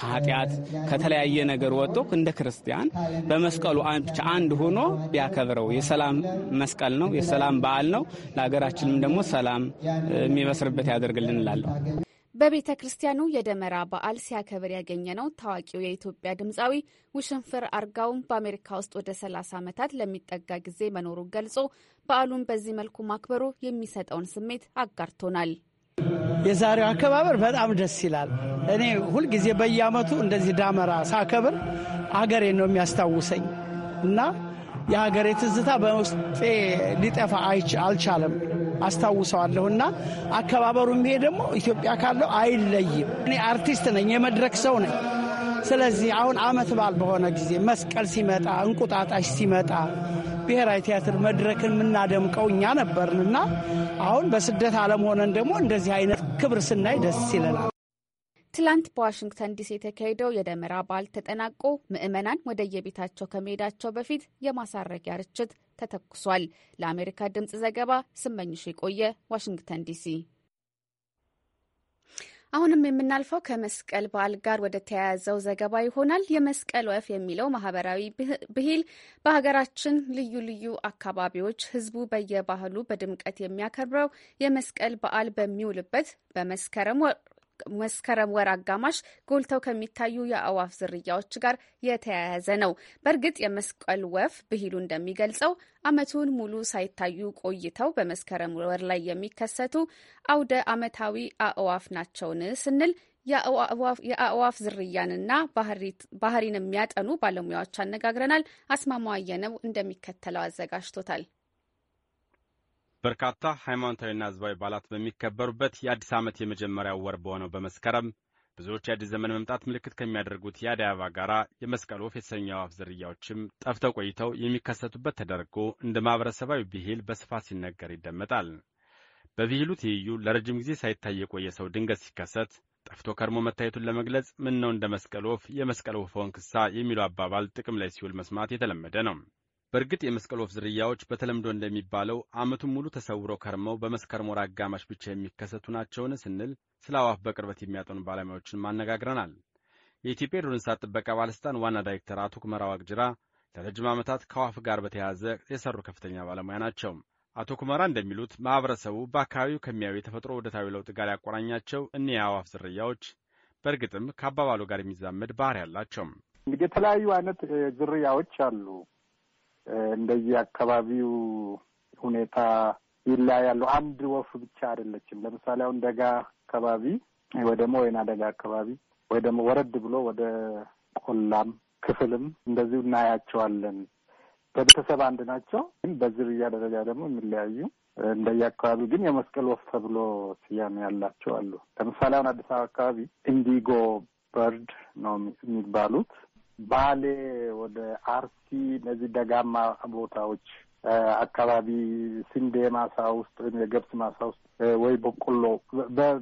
ከኃጢአት ከተለያየ ነገር ወጥቶ እንደ ክርስቲያን በመስቀሉ ብቻ አንድ ሆኖ ቢያከብረው የሰላም መስቀል ነው፣ የሰላም በዓል ነው። ለሀገራችንም ደግሞ ሰላም የሚበስርበት ያደርግልን እላለሁ። በቤተ ክርስቲያኑ የደመራ በዓል ሲያከብር ያገኘ ነው። ታዋቂው የኢትዮጵያ ድምፃዊ ውሽንፍር አርጋውም በአሜሪካ ውስጥ ወደ 30 ዓመታት ለሚጠጋ ጊዜ መኖሩን ገልጾ በዓሉን በዚህ መልኩ ማክበሩ የሚሰጠውን ስሜት አጋርቶናል። የዛሬው አከባበር በጣም ደስ ይላል። እኔ ሁልጊዜ በየዓመቱ እንደዚህ ዳመራ ሳከብር አገሬ ነው የሚያስታውሰኝ እና የሀገሬ ትዝታ በውስጤ ሊጠፋ አልቻለም። አስታውሰዋለሁና አከባበሩም ይሄ ደግሞ ኢትዮጵያ ካለው አይለይም። እኔ አርቲስት ነኝ፣ የመድረክ ሰው ነኝ። ስለዚህ አሁን አመት በዓል በሆነ ጊዜ መስቀል ሲመጣ፣ እንቁጣጣሽ ሲመጣ ብሔራዊ ቲያትር መድረክን የምናደምቀው እኛ ነበርንና አሁን በስደት አለም ሆነን ደግሞ እንደዚህ አይነት ክብር ስናይ ደስ ይለናል። ትላንት በዋሽንግተን ዲሲ የተካሄደው የደመራ በዓል ተጠናቆ ምዕመናን ወደየቤታቸው ከመሄዳቸው በፊት የማሳረጊያ ርችት ተተኩሷል። ለአሜሪካ ድምጽ ዘገባ ስመኝሽ የቆየ ዋሽንግተን ዲሲ። አሁንም የምናልፈው ከመስቀል በዓል ጋር ወደ ተያያዘው ዘገባ ይሆናል። የመስቀል ወፍ የሚለው ማህበራዊ ብሂል በሀገራችን ልዩ ልዩ አካባቢዎች ህዝቡ በየባህሉ በድምቀት የሚያከብረው የመስቀል በዓል በሚውልበት በመስከረም ወር መስከረም ወር አጋማሽ ጎልተው ከሚታዩ የአዋፍ ዝርያዎች ጋር የተያያዘ ነው። በእርግጥ የመስቀል ወፍ ብሂሉ እንደሚገልጸው ዓመቱን ሙሉ ሳይታዩ ቆይተው በመስከረም ወር ላይ የሚከሰቱ አውደ ዓመታዊ አእዋፍ ናቸውን ስንል የአእዋፍ ዝርያንና ባህሪን የሚያጠኑ ባለሙያዎች አነጋግረናል። አስማማው አየነው እንደሚከተለው አዘጋጅቶታል። በርካታ ሃይማኖታዊና ህዝባዊ በዓላት በሚከበሩበት የአዲስ ዓመት የመጀመሪያው ወር በሆነው በመስከረም ብዙዎች የአዲስ ዘመን መምጣት ምልክት ከሚያደርጉት የአደይ አበባ ጋር የመስቀል ወፍ የተሰኘው አዕዋፍ ዝርያዎችም ጠፍተው ቆይተው የሚከሰቱበት ተደርጎ እንደ ማህበረሰባዊ ብሂል በስፋት ሲነገር ይደመጣል። በብሂሉ ትይዩ ለረጅም ጊዜ ሳይታይ የቆየ ሰው ድንገት ሲከሰት ጠፍቶ ከርሞ መታየቱን ለመግለጽ ምን ነው እንደ መስቀል ወፍ የመስቀል ወፍ ክሳ የሚለው አባባል ጥቅም ላይ ሲውል መስማት የተለመደ ነው። በእርግጥ የመስቀል ወፍ ዝርያዎች በተለምዶ እንደሚባለው ዓመቱን ሙሉ ተሰውረው ከርመው በመስከረም ወር አጋማሽ ብቻ የሚከሰቱ ናቸውን ስንል ስለ አዋፍ በቅርበት የሚያጠኑ ባለሙያዎችን ማነጋግረናል። የኢትዮጵያ የዱር እንስሳት ጥበቃ ባለሥልጣን ዋና ዳይሬክተር አቶ ኩመራ ዋቅጅራ ለረጅም ዓመታት ከዋፍ ጋር በተያያዘ የሰሩ ከፍተኛ ባለሙያ ናቸው። አቶ ኩመራ እንደሚሉት ማኅበረሰቡ በአካባቢው ከሚያዩ የተፈጥሮ ወደታዊ ለውጥ ጋር ያቆራኛቸው እኒህ የአዋፍ ዝርያዎች በእርግጥም ከአባባሉ ጋር የሚዛመድ ባህሪ ያላቸው እንግዲህ የተለያዩ አይነት ዝርያዎች አሉ። እንደየ አካባቢው ሁኔታ ይለያያሉ። አንድ ወፍ ብቻ አይደለችም። ለምሳሌ አሁን ደጋ አካባቢ ወይ ደግሞ ወይና ደጋ አካባቢ ወይ ደግሞ ወረድ ብሎ ወደ ቆላም ክፍልም እንደዚሁ እናያቸዋለን። በቤተሰብ አንድ ናቸው፣ ግን በዝርያ ደረጃ ደግሞ የሚለያዩ እንደየ አካባቢ ግን የመስቀል ወፍ ተብሎ ስያሜ ያላቸው አሉ። ለምሳሌ አሁን አዲስ አበባ አካባቢ ኢንዲጎ በርድ ነው የሚባሉት ባሌ ወደ አርሲ እነዚህ ደጋማ ቦታዎች አካባቢ ስንዴ ማሳ ውስጥ የገብስ ማሳ ውስጥ ወይ በቆሎ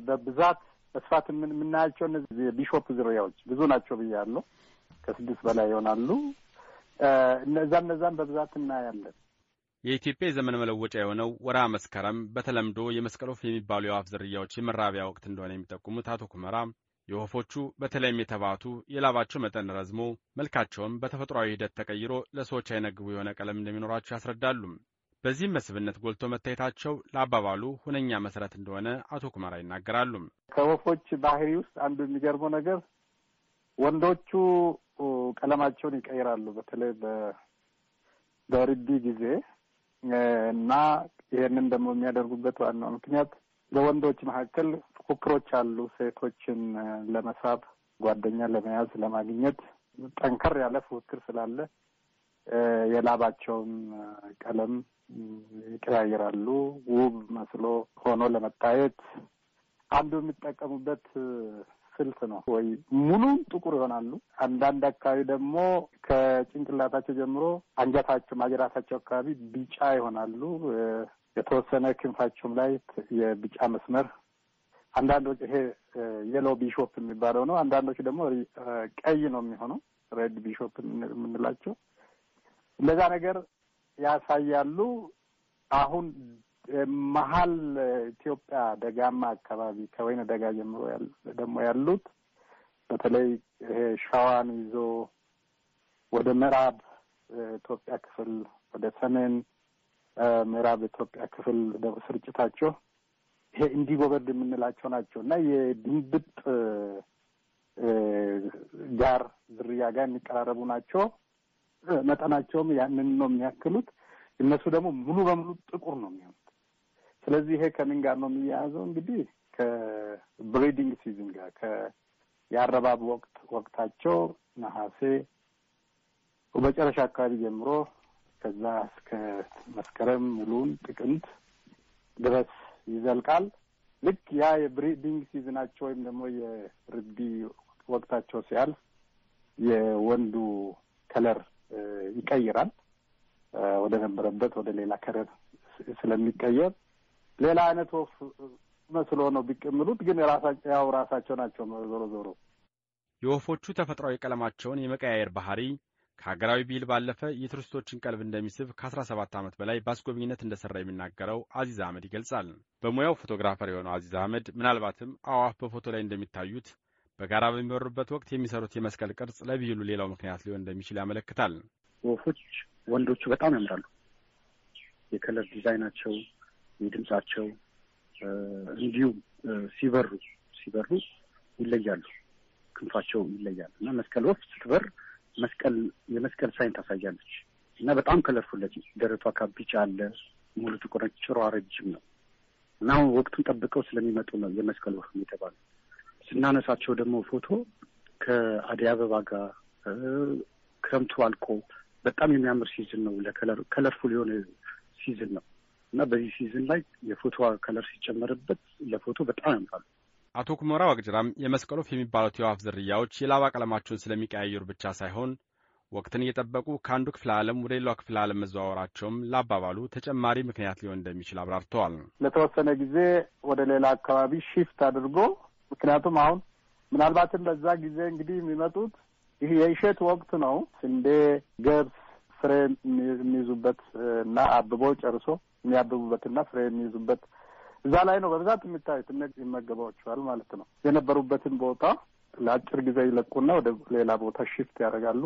በብዛት በስፋት የምናያቸው እነዚህ ቢሾፕ ዝርያዎች ብዙ ናቸው ብያለሁ። ከስድስት በላይ ይሆናሉ። እነዛ እነዛም በብዛት እናያለን። የኢትዮጵያ የዘመን መለወጫ የሆነው ወራ መስከረም በተለምዶ የመስቀል ወፍ የሚባሉ የዋፍ ዝርያዎች የመራቢያ ወቅት እንደሆነ የሚጠቁሙት አቶ ኩመራ የወፎቹ በተለይም የተባቱ የላባቸው መጠን ረዝሞ መልካቸውም በተፈጥሯዊ ሂደት ተቀይሮ ለሰዎች አይነግቡ የሆነ ቀለም እንደሚኖራቸው ያስረዳሉ። በዚህም መስህብነት ጎልቶ መታየታቸው ለአባባሉ ሁነኛ መሰረት እንደሆነ አቶ ኩማራ ይናገራሉ። ከወፎች ባህሪ ውስጥ አንዱ የሚገርመው ነገር ወንዶቹ ቀለማቸውን ይቀይራሉ በተለይ በርቢ ጊዜ እና ይህንን ደግሞ የሚያደርጉበት ዋናው ምክንያት በወንዶች መካከል ፉክሮች አሉ። ሴቶችን ለመሳብ ጓደኛ ለመያዝ ለማግኘት ጠንከር ያለ ፉክክር ስላለ የላባቸውን ቀለም ይቀያይራሉ። ውብ መስሎ ሆኖ ለመታየት አንዱ የሚጠቀሙበት ስልት ነው። ወይ ሙሉን ጥቁር ይሆናሉ። አንዳንድ አካባቢ ደግሞ ከጭንቅላታቸው ጀምሮ አንገታቸው፣ ማጅራታቸው አካባቢ ቢጫ ይሆናሉ። የተወሰነ ክንፋቸውም ላይ የቢጫ መስመር አንዳንዶች ይሄ የሎ ቢሾፕ የሚባለው ነው። አንዳንዶች ደግሞ ቀይ ነው የሚሆነው ሬድ ቢሾፕ የምንላቸው እንደዛ ነገር ያሳያሉ። አሁን መሀል ኢትዮጵያ ደጋማ አካባቢ ከወይነ ደጋ ጀምሮ ደግሞ ያሉት በተለይ ይሄ ሸዋን ይዞ ወደ ምዕራብ ኢትዮጵያ ክፍል ወደ ሰሜን ምዕራብ ኢትዮጵያ ክፍል ስርጭታቸው ይሄ እንዲጎበድ የምንላቸው ናቸው እና የድንብጥ ጋር ዝርያ ጋር የሚቀራረቡ ናቸው። መጠናቸውም ያንን ነው የሚያክሉት። እነሱ ደግሞ ሙሉ በሙሉ ጥቁር ነው የሚሆኑት። ስለዚህ ይሄ ከምን ጋር ነው የሚያያዘው? እንግዲህ ከብሪዲንግ ሲዝን ጋር የአረባብ ወቅት ወቅታቸው ነሐሴ በጨረሻ አካባቢ ጀምሮ ከዛ እስከ መስከረም ሙሉን ጥቅምት ድረስ ይዘልቃል። ልክ ያ የብሪዲንግ ሲዝናቸው ወይም ደግሞ የርቢ ወቅታቸው ሲያልፍ የወንዱ ከለር ይቀይራል ወደ ነበረበት ወደ ሌላ ከለር ስለሚቀየር ሌላ አይነት ወፍ መስሎ ነው ቢቅ የሚሉት ግን ያው ራሳቸው ናቸው። ዞሮ ዞሮ የወፎቹ ተፈጥሯዊ ቀለማቸውን የመቀያየር ባህሪ ከሀገራዊ ብሂል ባለፈ የቱሪስቶችን ቀልብ እንደሚስብ ከ17 ዓመት በላይ በአስጎብኝነት እንደሰራ የሚናገረው አዚዝ አህመድ ይገልጻል። በሙያው ፎቶግራፈር የሆነው አዚዝ አህመድ ምናልባትም አዋፍ በፎቶ ላይ እንደሚታዩት በጋራ በሚበሩበት ወቅት የሚሰሩት የመስቀል ቅርጽ ለብሂሉ ሌላው ምክንያት ሊሆን እንደሚችል ያመለክታል። ወፎች ወንዶቹ በጣም ያምራሉ። የከለር ዲዛይናቸው፣ የድምጻቸው እንዲሁም ሲበሩ ሲበሩ ይለያሉ። ክንፋቸው ይለያል እና መስቀል ወፍ ስትበር መስቀል የመስቀል ሳይን ታሳያለች እና በጣም ከለርፉለች ደረቷ ካቢጫ አለ ሙሉ ጥቁር ጭሯ ረጅም ነው እና አሁን ወቅቱን ጠብቀው ስለሚመጡ ነው የመስቀል ወፍም የተባሉ። ስናነሳቸው ደግሞ ፎቶ ከአደይ አበባ ጋር ክረምቱ አልቆ በጣም የሚያምር ሲዝን ነው። ከለርፉል የሆነ ሲዝን ነው እና በዚህ ሲዝን ላይ የፎቶ ከለር ሲጨመርበት ለፎቶ በጣም ያምራሉ። አቶ ኩመራ ዋቅጅራም የመስቀል ወፍ የሚባሉት የዋፍ ዝርያዎች የላባ ቀለማቸውን ስለሚቀያየሩ ብቻ ሳይሆን ወቅትን እየጠበቁ ከአንዱ ክፍለ ዓለም ወደ ሌላው ክፍለ ዓለም መዘዋወራቸውም ለአባባሉ ተጨማሪ ምክንያት ሊሆን እንደሚችል አብራርተዋል። ለተወሰነ ጊዜ ወደ ሌላ አካባቢ ሺፍት አድርጎ ምክንያቱም አሁን ምናልባትም በዛ ጊዜ እንግዲህ የሚመጡት ይህ የእሸት ወቅት ነው። ስንዴ፣ ገብስ ፍሬ የሚይዙበት እና አብቦ ጨርሶ የሚያብቡበትና ፍሬ የሚይዙበት እዛ ላይ ነው በብዛት የምታዩት። እነዚህ ይመገባቸዋል ማለት ነው። የነበሩበትን ቦታ ለአጭር ጊዜ ይለቁና ወደ ሌላ ቦታ ሽፍት ያደርጋሉ።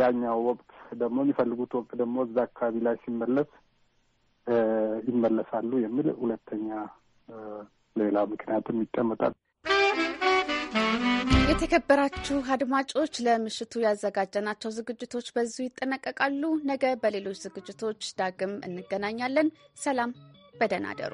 ያኛው ወቅት ደግሞ የሚፈልጉት ወቅት ደግሞ እዛ አካባቢ ላይ ሲመለስ ይመለሳሉ የሚል ሁለተኛ ሌላ ምክንያትም ይቀመጣል። የተከበራችሁ አድማጮች ለምሽቱ ያዘጋጀናቸው ዝግጅቶች በዚሁ ይጠናቀቃሉ። ነገ በሌሎች ዝግጅቶች ዳግም እንገናኛለን። ሰላም። በደህና አደሩ።